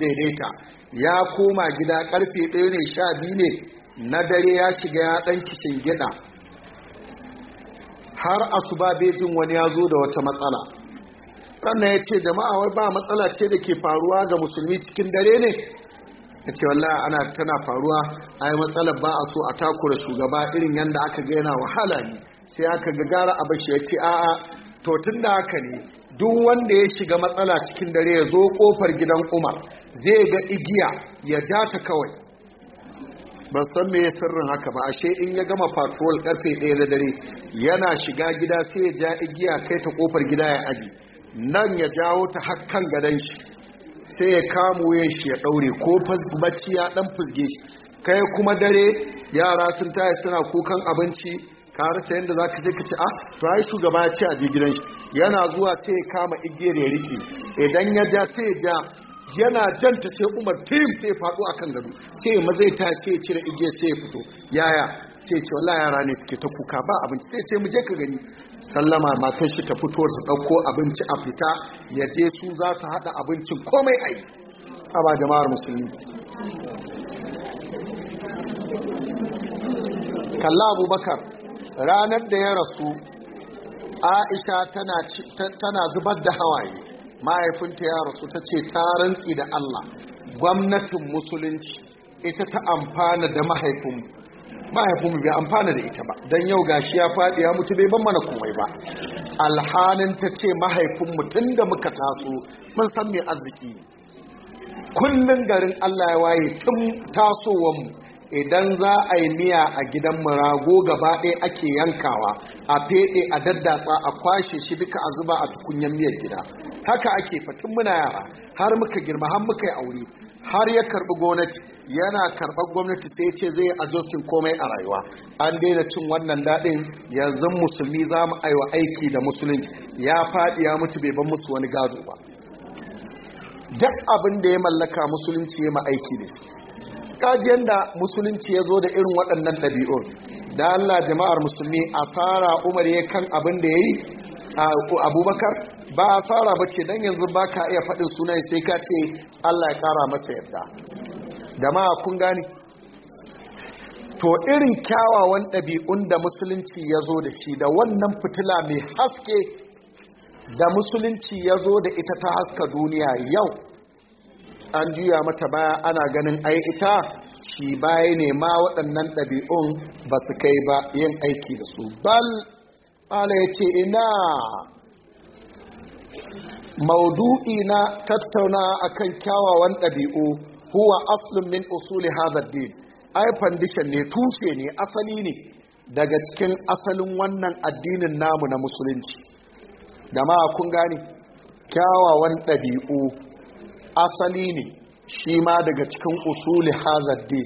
daidaita ya koma gida karfe ɗaya ne sha biyu ne na dare ya shiga ya ɗan kishin gida har asuba bejin wani ya zo da wata matsala sannan ya ce jama'a wai ba matsala ce da ke faruwa ga musulmi cikin dare ne ya ce wallah ana tana faruwa yi matsalar ba a so a takura shugaba irin yadda aka ga yana wahala ne sai aka ga gara a bashi ya ce a'a to tun da haka ne duk wanda ya shiga matsala cikin dare ya zo kofar gidan umar zai ga igiya ya ja ta kawai ban san me ya sirrin haka ba ashe in ya gama patrol karfe 1 da dare yana shiga gida sai ya ja igiya kai ta kofar gida ya aji nan ya jawo ta hakkan gadan shi sai ya kamo ya shi ya daure ko bacci ya dan fusge shi kai kuma dare yara sun taya suna kukan abinci ka rasa yadda za ka je ka a ah, to ai shugaba ya ce a je gidan shi yana zuwa sai ya kama igiyar ya rike idan ya ja sai ya ja yana janta sai umar tim sai faɗo a kan gado sai maza ya tashi ya cire igiyar sai ya fito yaya sai ce wala yara ne suke ta kuka ba abinci sai ce mu je ka gani sallama matar shi ta fito su ɗauko abinci a fita ya je su za su haɗa abincin komai ai a ba jama'ar musulmi kalla abubakar ranar da ya rasu aisha tana zubar da hawaye mahaifinta ya rasu ta ce ta rantsi da Allah gwamnatin musulunci ita ta amfana da mahaifinmu mahaifinmu bai amfana da ita ba don yau gashi ya faɗi ya mutu bai ban mana komai ba alhanin ta ce mahaifinmu tun da muka taso mun san mai arziki kullum garin Allah ya waye tun tasowanmu idan za a yi miya a gidan marago gaba ɗaya ake yankawa a feɗe a daddatsa a kwashe shi duka a zuba a tukunyar miyar gida haka ake fatin muna yara har muka girma har muka yi aure har ya karɓi gwamnati yana karɓar gwamnati sai ce zai ajostin komai a rayuwa an daina cin wannan daɗin yanzu musulmi za mu aiwa aiki da musulunci ya faɗi ya mutu bai ban musu wani gado ba duk abin da ya mallaka musulunci ya ma aiki da shi kaji da musulunci ya zo da irin waɗannan ɗabi'un da Allah jama'ar musulmi asara umar ya kan abin da ya yi abubakar ba asara ba ce don yanzu ba ka iya faɗin sunan sai ka ce Allah ya ƙara masa yadda jama'a kun gani to irin kyawawan ɗabi'un da musulunci ya zo da shi da wannan fitila mai haske da musulunci ya zo da ita ta haska duniya yau an juya mata baya ana ganin ai ita shi baya ne ma waɗannan ɗabi'un ba su kai ba yin aiki da su bal ala ya ce ina maudu'i na tattauna kan kyawawan ɗabi'u huwa aslin min usuli hadha din ai fandishan ne tushe ne asali ne daga cikin asalin wannan addinin namu na musulunci jama'a kun gane kyawawan ɗabi'u asali ne shi ma daga cikin usuli hazardi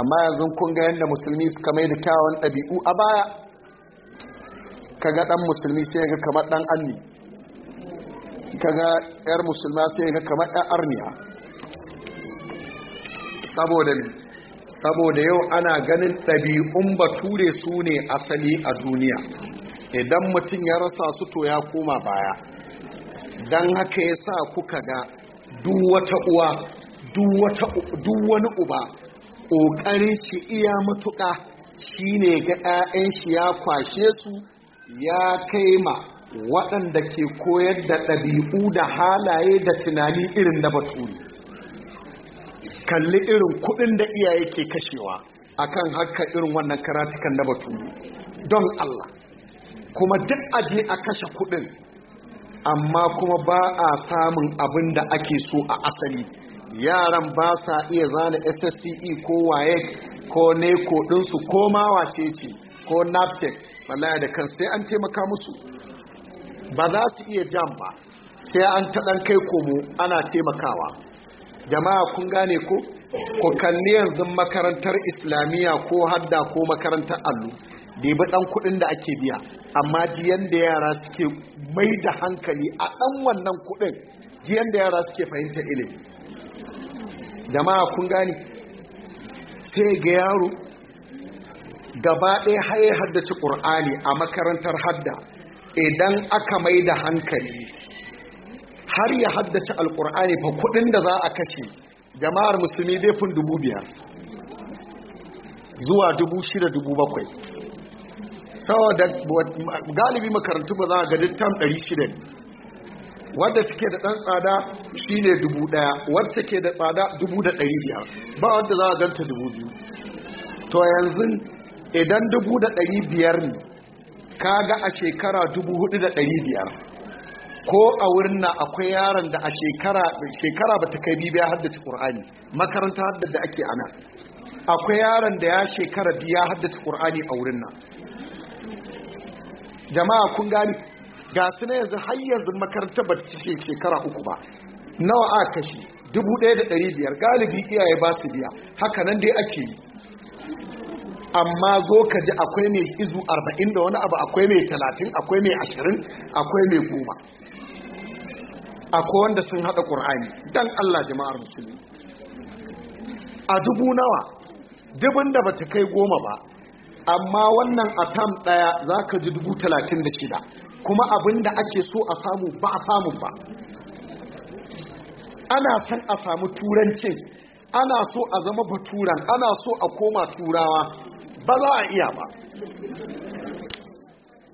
amma yanzu kun ga yadda musulmi suka mai da kyawun ɗabi'u a baya ka ga ɗan musulmi sai ga kamar ɗan anni ka ga 'yar musulma sai ga kamar 'yan arniya saboda saboda yau ana ganin ɗabi'un bature su ne asali a duniya idan mutum ya rasa su to ya koma baya don haka ya sa kuka ga duk wata uwa duk wani uba ƙoƙarin shi iya matuƙa shine ga 'ya'yan shi ya kwashe su ya kai ma waɗanda ke koyar da ɗabi'u da halaye da tunani irin na baturi kalli irin kuɗin da iyaye ke kashewa akan haka irin wannan karatukan na baturi don Allah kuma duk aje a kashe kuɗin amma kuma ba a samun abin da ake so a asali yaran ba sa iya zana ssce ko waye ko ne kodinsu ko mawace ce ko naptec balaya da kan sai an taimaka musu ba za su iya jam ba sai an taɗan kai komo ana taimakawa jama'a kun gane ko ko kalli yanzu makarantar islamiyya ko hadda ko makarantar allo da ɗan kuɗin da ake biya amma jiyan da yara suke mai da hankali a ɗan wannan kuɗin jiyan da yara suke fahimta ilimi jama'a kun gani sai ga yaro gaba ɗaya haye haddace ƙur'ani a makarantar hadda idan aka mai da hankali har ya haddace alƙur'ani fa kuɗin da za a kashe jama'ar musulmi befin dubu biyar zuwa dubu shida dubu bakwai Sawa da galibi makarantu ba za a ga dittam 600 wadda take da ɗan tsada shine 1000 wadda ke da tsada 1500 ba wadda za a ganta 2000 to yanzu idan 1500 ne ka ga a shekara 4500 ko a wurin na akwai yaron da a shekara shekara bata kai biya haddace Qur'ani makaranta haddace ake ana akwai yaron da ya shekara biya haddace Qur'ani a wurin nan jama'a kun gani ga su na yanzu har yanzu makaranta ba ta shekara uku ba nawa a kashi biyar? galibi iyaye ba su biya haka nan dai ake yi amma zo ka ji akwai mai izu 40 da wani abu akwai mai talatin, akwai mai 20 akwai mai goma, akwai wanda sun haɗa ƙur'ani Dan allah jama'ar musulmi a dubu nawa dubun da bata kai goma ba amma wannan atam daya za ka ji dubu talatin da shida kuma abin da ake so a samu ba a samu ba ana son a samu turancin ana so a zama baturan ana so a koma turawa ba za a iya ba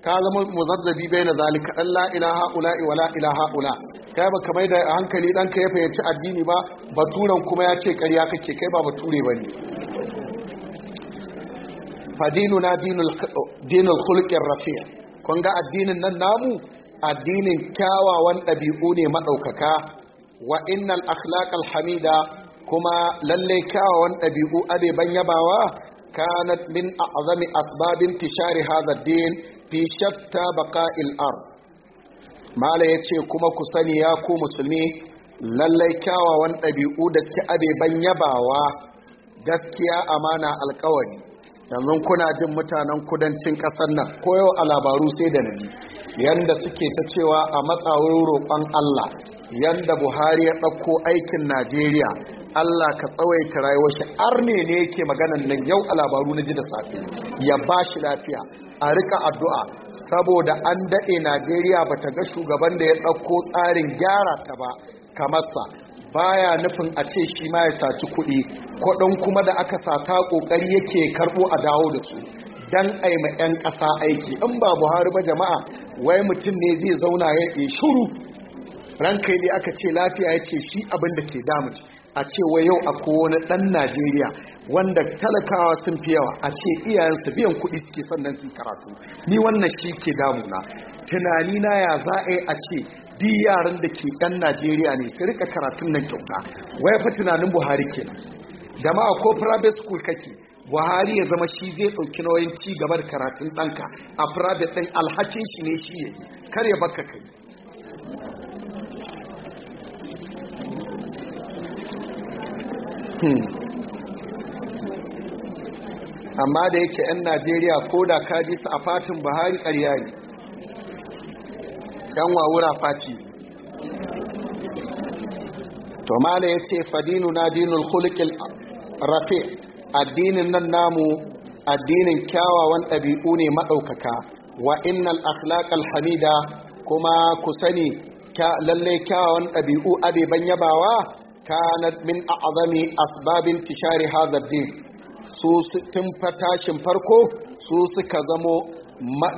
ka zama muzazzabi bai na zalika ɗan la'ila haƙula iwala Laila haƙula kai ba kamar da hankali ɗanka ya fahimci addini ba baturan kuma ya ce ƙarya kake kai ba bature ba ne na dinul khulqir rafi' kun ga addinin nan namu addinin kyawawan ɗabi'u ne maɗaukaka wa innal hamida kuma lalle kyawawan ɗabi'u ban yabawa kanat min a'zami asbabin tishari hadha din fi shatta baqa'il ard mala yace kuma ku sani ya ku musulmi lalle kyawawan ɗabi'u da suke ban yabawa gaskiya amana alkawari yanzu kuna jin mutanen kudancin ƙasar nan ko yau a labaru sai da nabi yanda suke ta cewa a matsawar roƙon allah yanda buhari ya ɗauko aikin najeriya allah ka tsawaita rayuwar shi arne ne yake maganan nan yau a labaru na ji da safe ya ba shi lafiya a rika addu'a saboda an daɗe najeriya ba ta ga shugaban da ya ɗauko tsarin gyara ta ba sa baya nufin a ce shi ma ya saci kuɗi kwaɗon kuma da aka sata ƙoƙari yake karɓo a dawo da su don aima 'yan ƙasa aiki in ba buhari ba jama'a wai mutum ne zai zauna ya shiru? ranka ne aka ce lafiya ya ce shi abin da ke damuci a ce wai yau a wani ɗan najeriya wanda talakawa sun fi yawa a ce iyayensu biyan kuɗi suke sannan su karatu ni wannan shi ke damuna Tunani na ya za a yi a ce di yaran da ke ɗan najeriya ne su rika karatun nan kyauta waya fi tunanin buhari ke da ko private school kake buhari ya zama shi zai ɗauki nauyin ci gaba karatun ɗanka a private ɗin alhakin shi ne shi yi kar ya baka kai hmm. amma da yake 'yan najeriya ko da kaji su a fatin buhari ƙarya ne dan wawura fati to mala ya ce fadinu na dinul khuliqil rafi addinin nan namu addinin kyawawan ɗabi'u ne maɗaukaka wa innal akhlaqal hamida kuma ku sani lallai kyawawan ɗabi'u abeban yabawa kanat min a'zami asbabin tishari hadha din su tun fatashin farko su suka zamo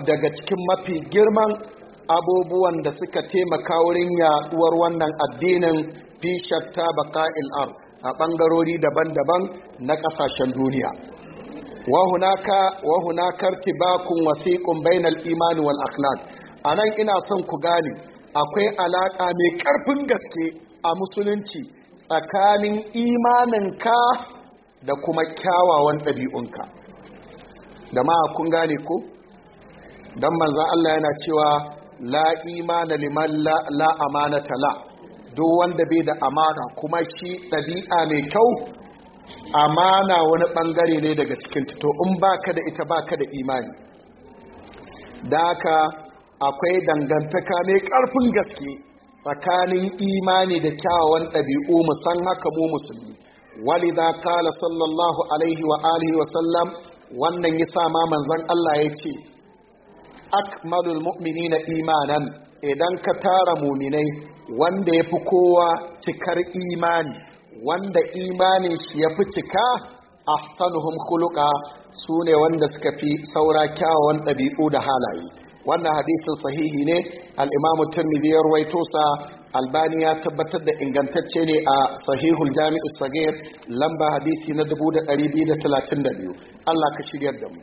daga cikin mafi girman abubuwan da suka taimaka wurin yaduwar wannan addinin fi shatta baqa'il ar a bangarori daban-daban na kasashen duniya wa hunaka wa hunaka irtibakun wasiqun bainal imani wal akhlaq anan ina son ku gane akwai alaƙa mai ƙarfin gaske a musulunci tsakanin imaninka da kuma kyawawan ɗabi'unka da ma kun gane ko don manza Allah yana cewa la imana liman la, la amana tala duk wanda bai da amana kuma shi ɗabi'a mai kyau amana wani ɓangare ne daga cikin to in baka da ita baka da imani da ka akwai dangantaka mai ƙarfin gaske tsakanin imani da kyawawan ɗabi'u musan haka mu musulmi za kala sallallahu alaihi wa alihi wa sallam wannan yasa ma manzon Allah ya ce akmalul mu'minina imanan idan ka tara muminai wanda yafi kowa cikar imani wanda imanin shi ya fi cika ahsanuhum khuluqa su ne wanda suka fi saura kyawawan ɗabi'u da halaye wannan hadisin sahihi ne al'imamu tirmidhi ya rawaito sa albani ya tabbatar da ingantacce ne a sahihul jami'us sagir lamba hadisi na 2232 allah ka shiryar da mu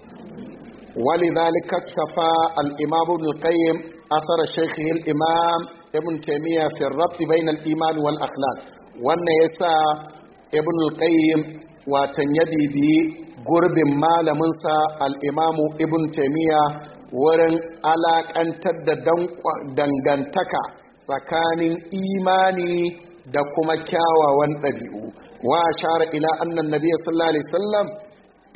ولذلك اكتفى الإمام ابن القيم أثر شيخه الإمام ابن تيمية في الربط بين الإيمان والأخلاق وأن يسا ابن القيم وتنيدي بي قرب ما منسى الإمام ابن تيمية wurin alakantar da dangantaka tsakanin imani da kuma kyawawan ɗabi'u wa shara ila annan nabiya sallallahu alaihi wasallam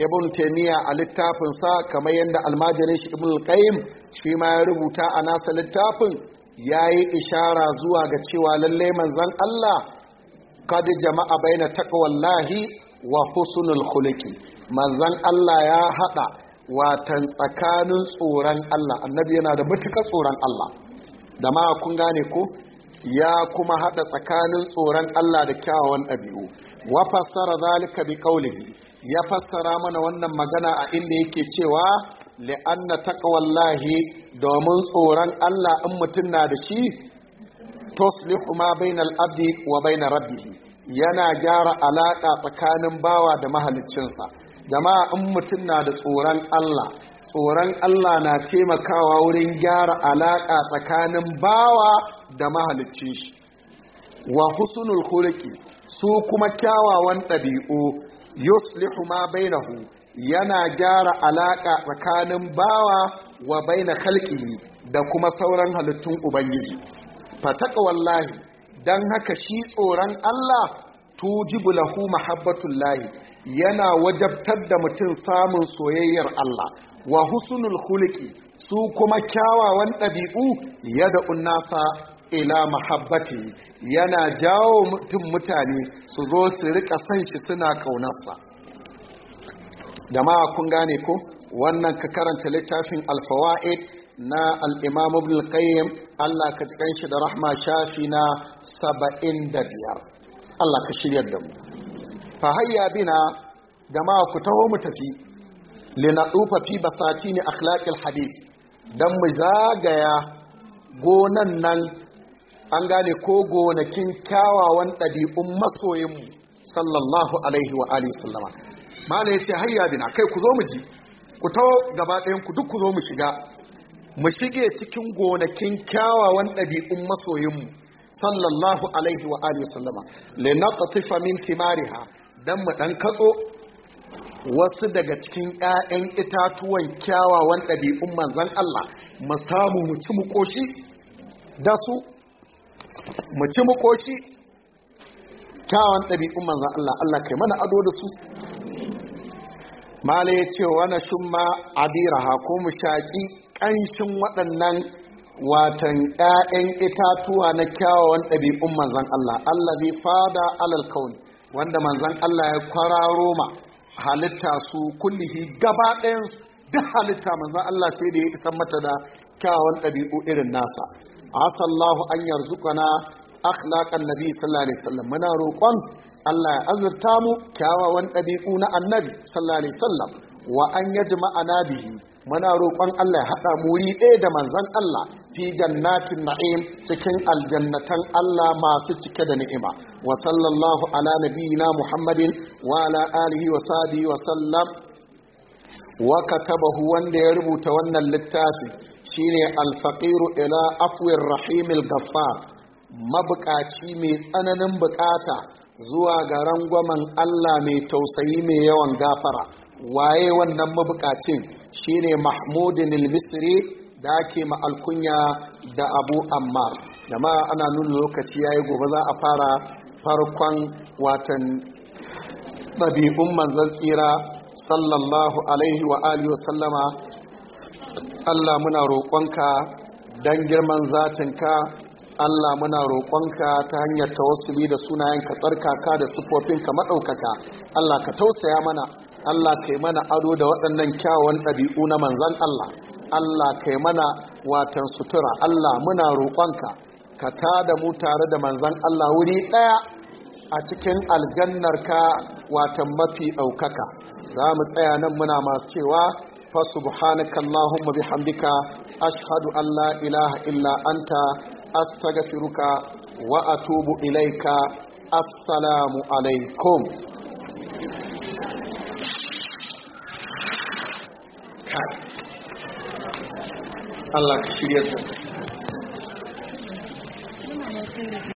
ibn taimiyya a littafinsa kamar yadda almajirin shi ibn qayyim shi ma ya rubuta a nasa littafin ya yi ishara zuwa ga cewa lallai manzon Allah Kadi jama'a baina taqwallahi wa husunul khuluqi manzan Allah ya haɗa watan tsakanin tsoron Allah annabi yana da mutuka tsoron Allah da ma kun gane ko ya kuma haɗa tsakanin tsoron Allah da kyawawan ɗabi'u wa fassara zalika bi qawlihi ya fassara mana wannan magana a inda yake cewa li'anna taqwallahi domin tsoron Allah in mutum na da shi tuslihu ma bainal abdi wa bainar rabbihi yana gyara alaka tsakanin bawa da mahaliccinsa jama'a in mutum na da tsoron Allah tsoron Allah na taimakawa wurin gyara alaka tsakanin bawa da mahaliccin shi wa husnul khuluqi su kuma kyawawan ɗabi'u yuslihu ma bainahu yana gyara alaka tsakanin bawa wa baina khalqihi da kuma sauran halittun ubangiji fataka wallahi dan haka shi tsoron Allah tujibu lahu mahabbatul lahi yana wajabtar da mutum samun soyayyar Allah wa husnul khuluqi su kuma kyawawan ɗabi'u yada nasa ila mahabbati yana jawo mutum mutane su zo su rika san shi suna kaunarsa da ma kun gane ko wannan ka karanta littafin alfawa'id na al'imam ibn al-qayyim Allah ka jikan shi da rahma shafi na saba'in da biyar Allah ka shirya da mu fa hayya bina da ma ku taho mu tafi linadufa fi basati ne akhlaqil hadith dan mu zagaya gonan nan an gane ko gonakin kyawawan ɗabi'un masoyinmu sallallahu alaihi wa alihi sallama mala ya ce hayya bina kai ku zo mu ji ku tawo gaba ɗayan ku duk ku zo mu shiga mu shige cikin gonakin kyawawan ɗabi'un masoyinmu sallallahu alaihi wa alihi sallama le naqtifa min thimariha dan mu dan katso wasu daga cikin ƴaƴan itatuwan kyawawan ɗabi'un manzon Allah mu samu mu ci mu koshi da su mu ci makoci kyawun ɗabi'un manzan Allah Allah kai mana ado da su mala ya ce ma a abiraha ko mu shaƙi ƙanshin waɗannan watan 'ya'yan itatuwa na kyawawan ɗabi'un manzan Allah Allah zai fada alal kauni wanda manzan Allah ya kwararo roma halitta su kullihi gaba ɗayan duk halitta manzan Allah sai da ya isan mata da kyawawan ɗabi'u irin nasa asallahu an yarzuqana akhlaqan nabi sallallahu alaihi wasallam muna roƙon Allah ya azurta mu kyawawan ɗabi'u na annabi sallallahu alaihi wasallam wa an yajma'ana bihi muna roƙon Allah ya haɗa mu wuri ɗaya da manzon Allah fi jannatin na'im cikin aljannatan Allah masu cike da ni'ima wa sallallahu ala nabiyyina Muhammadin wa ala alihi wa sahbihi wa sallam wa katabahu wanda ya rubuta wannan littafi shine al-faqiru ila afwir rahimil ghaffar mabukaci mai tsananin bukata zuwa ga rangwamen Allah mai tausayi mai yawan gafara waye wannan mabukacin shine mahmudin al-misri da ake ma alkunya da abu ammar ma ana nuna lokaci yayi gobe za a fara farkon watan ɗabi'un manzan tsira sallallahu alaihi wa alihi wa sallama Allah muna roƙonka don girman zatinka Allah muna roƙonka ta hanyar tawassuli da sunayen ka tsarkaka da ka maɗaukaka Allah ka tausaya mana Allah ka yi mana ado da waɗannan kyawawan ɗabi'u na manzan Allah Allah ka yi mana watan sutura Allah muna roƙonka ka ta mu tare da manzan Allah wuri ɗaya a cikin aljannarka watan mafi ɗaukaka za mu tsaya nan muna masu cewa fa subhanaka allahumma bihamdika ashhadu an la ilaha illa anta astaghfiruka wa atubu ilaika assalamu alaikum Allah ka shirya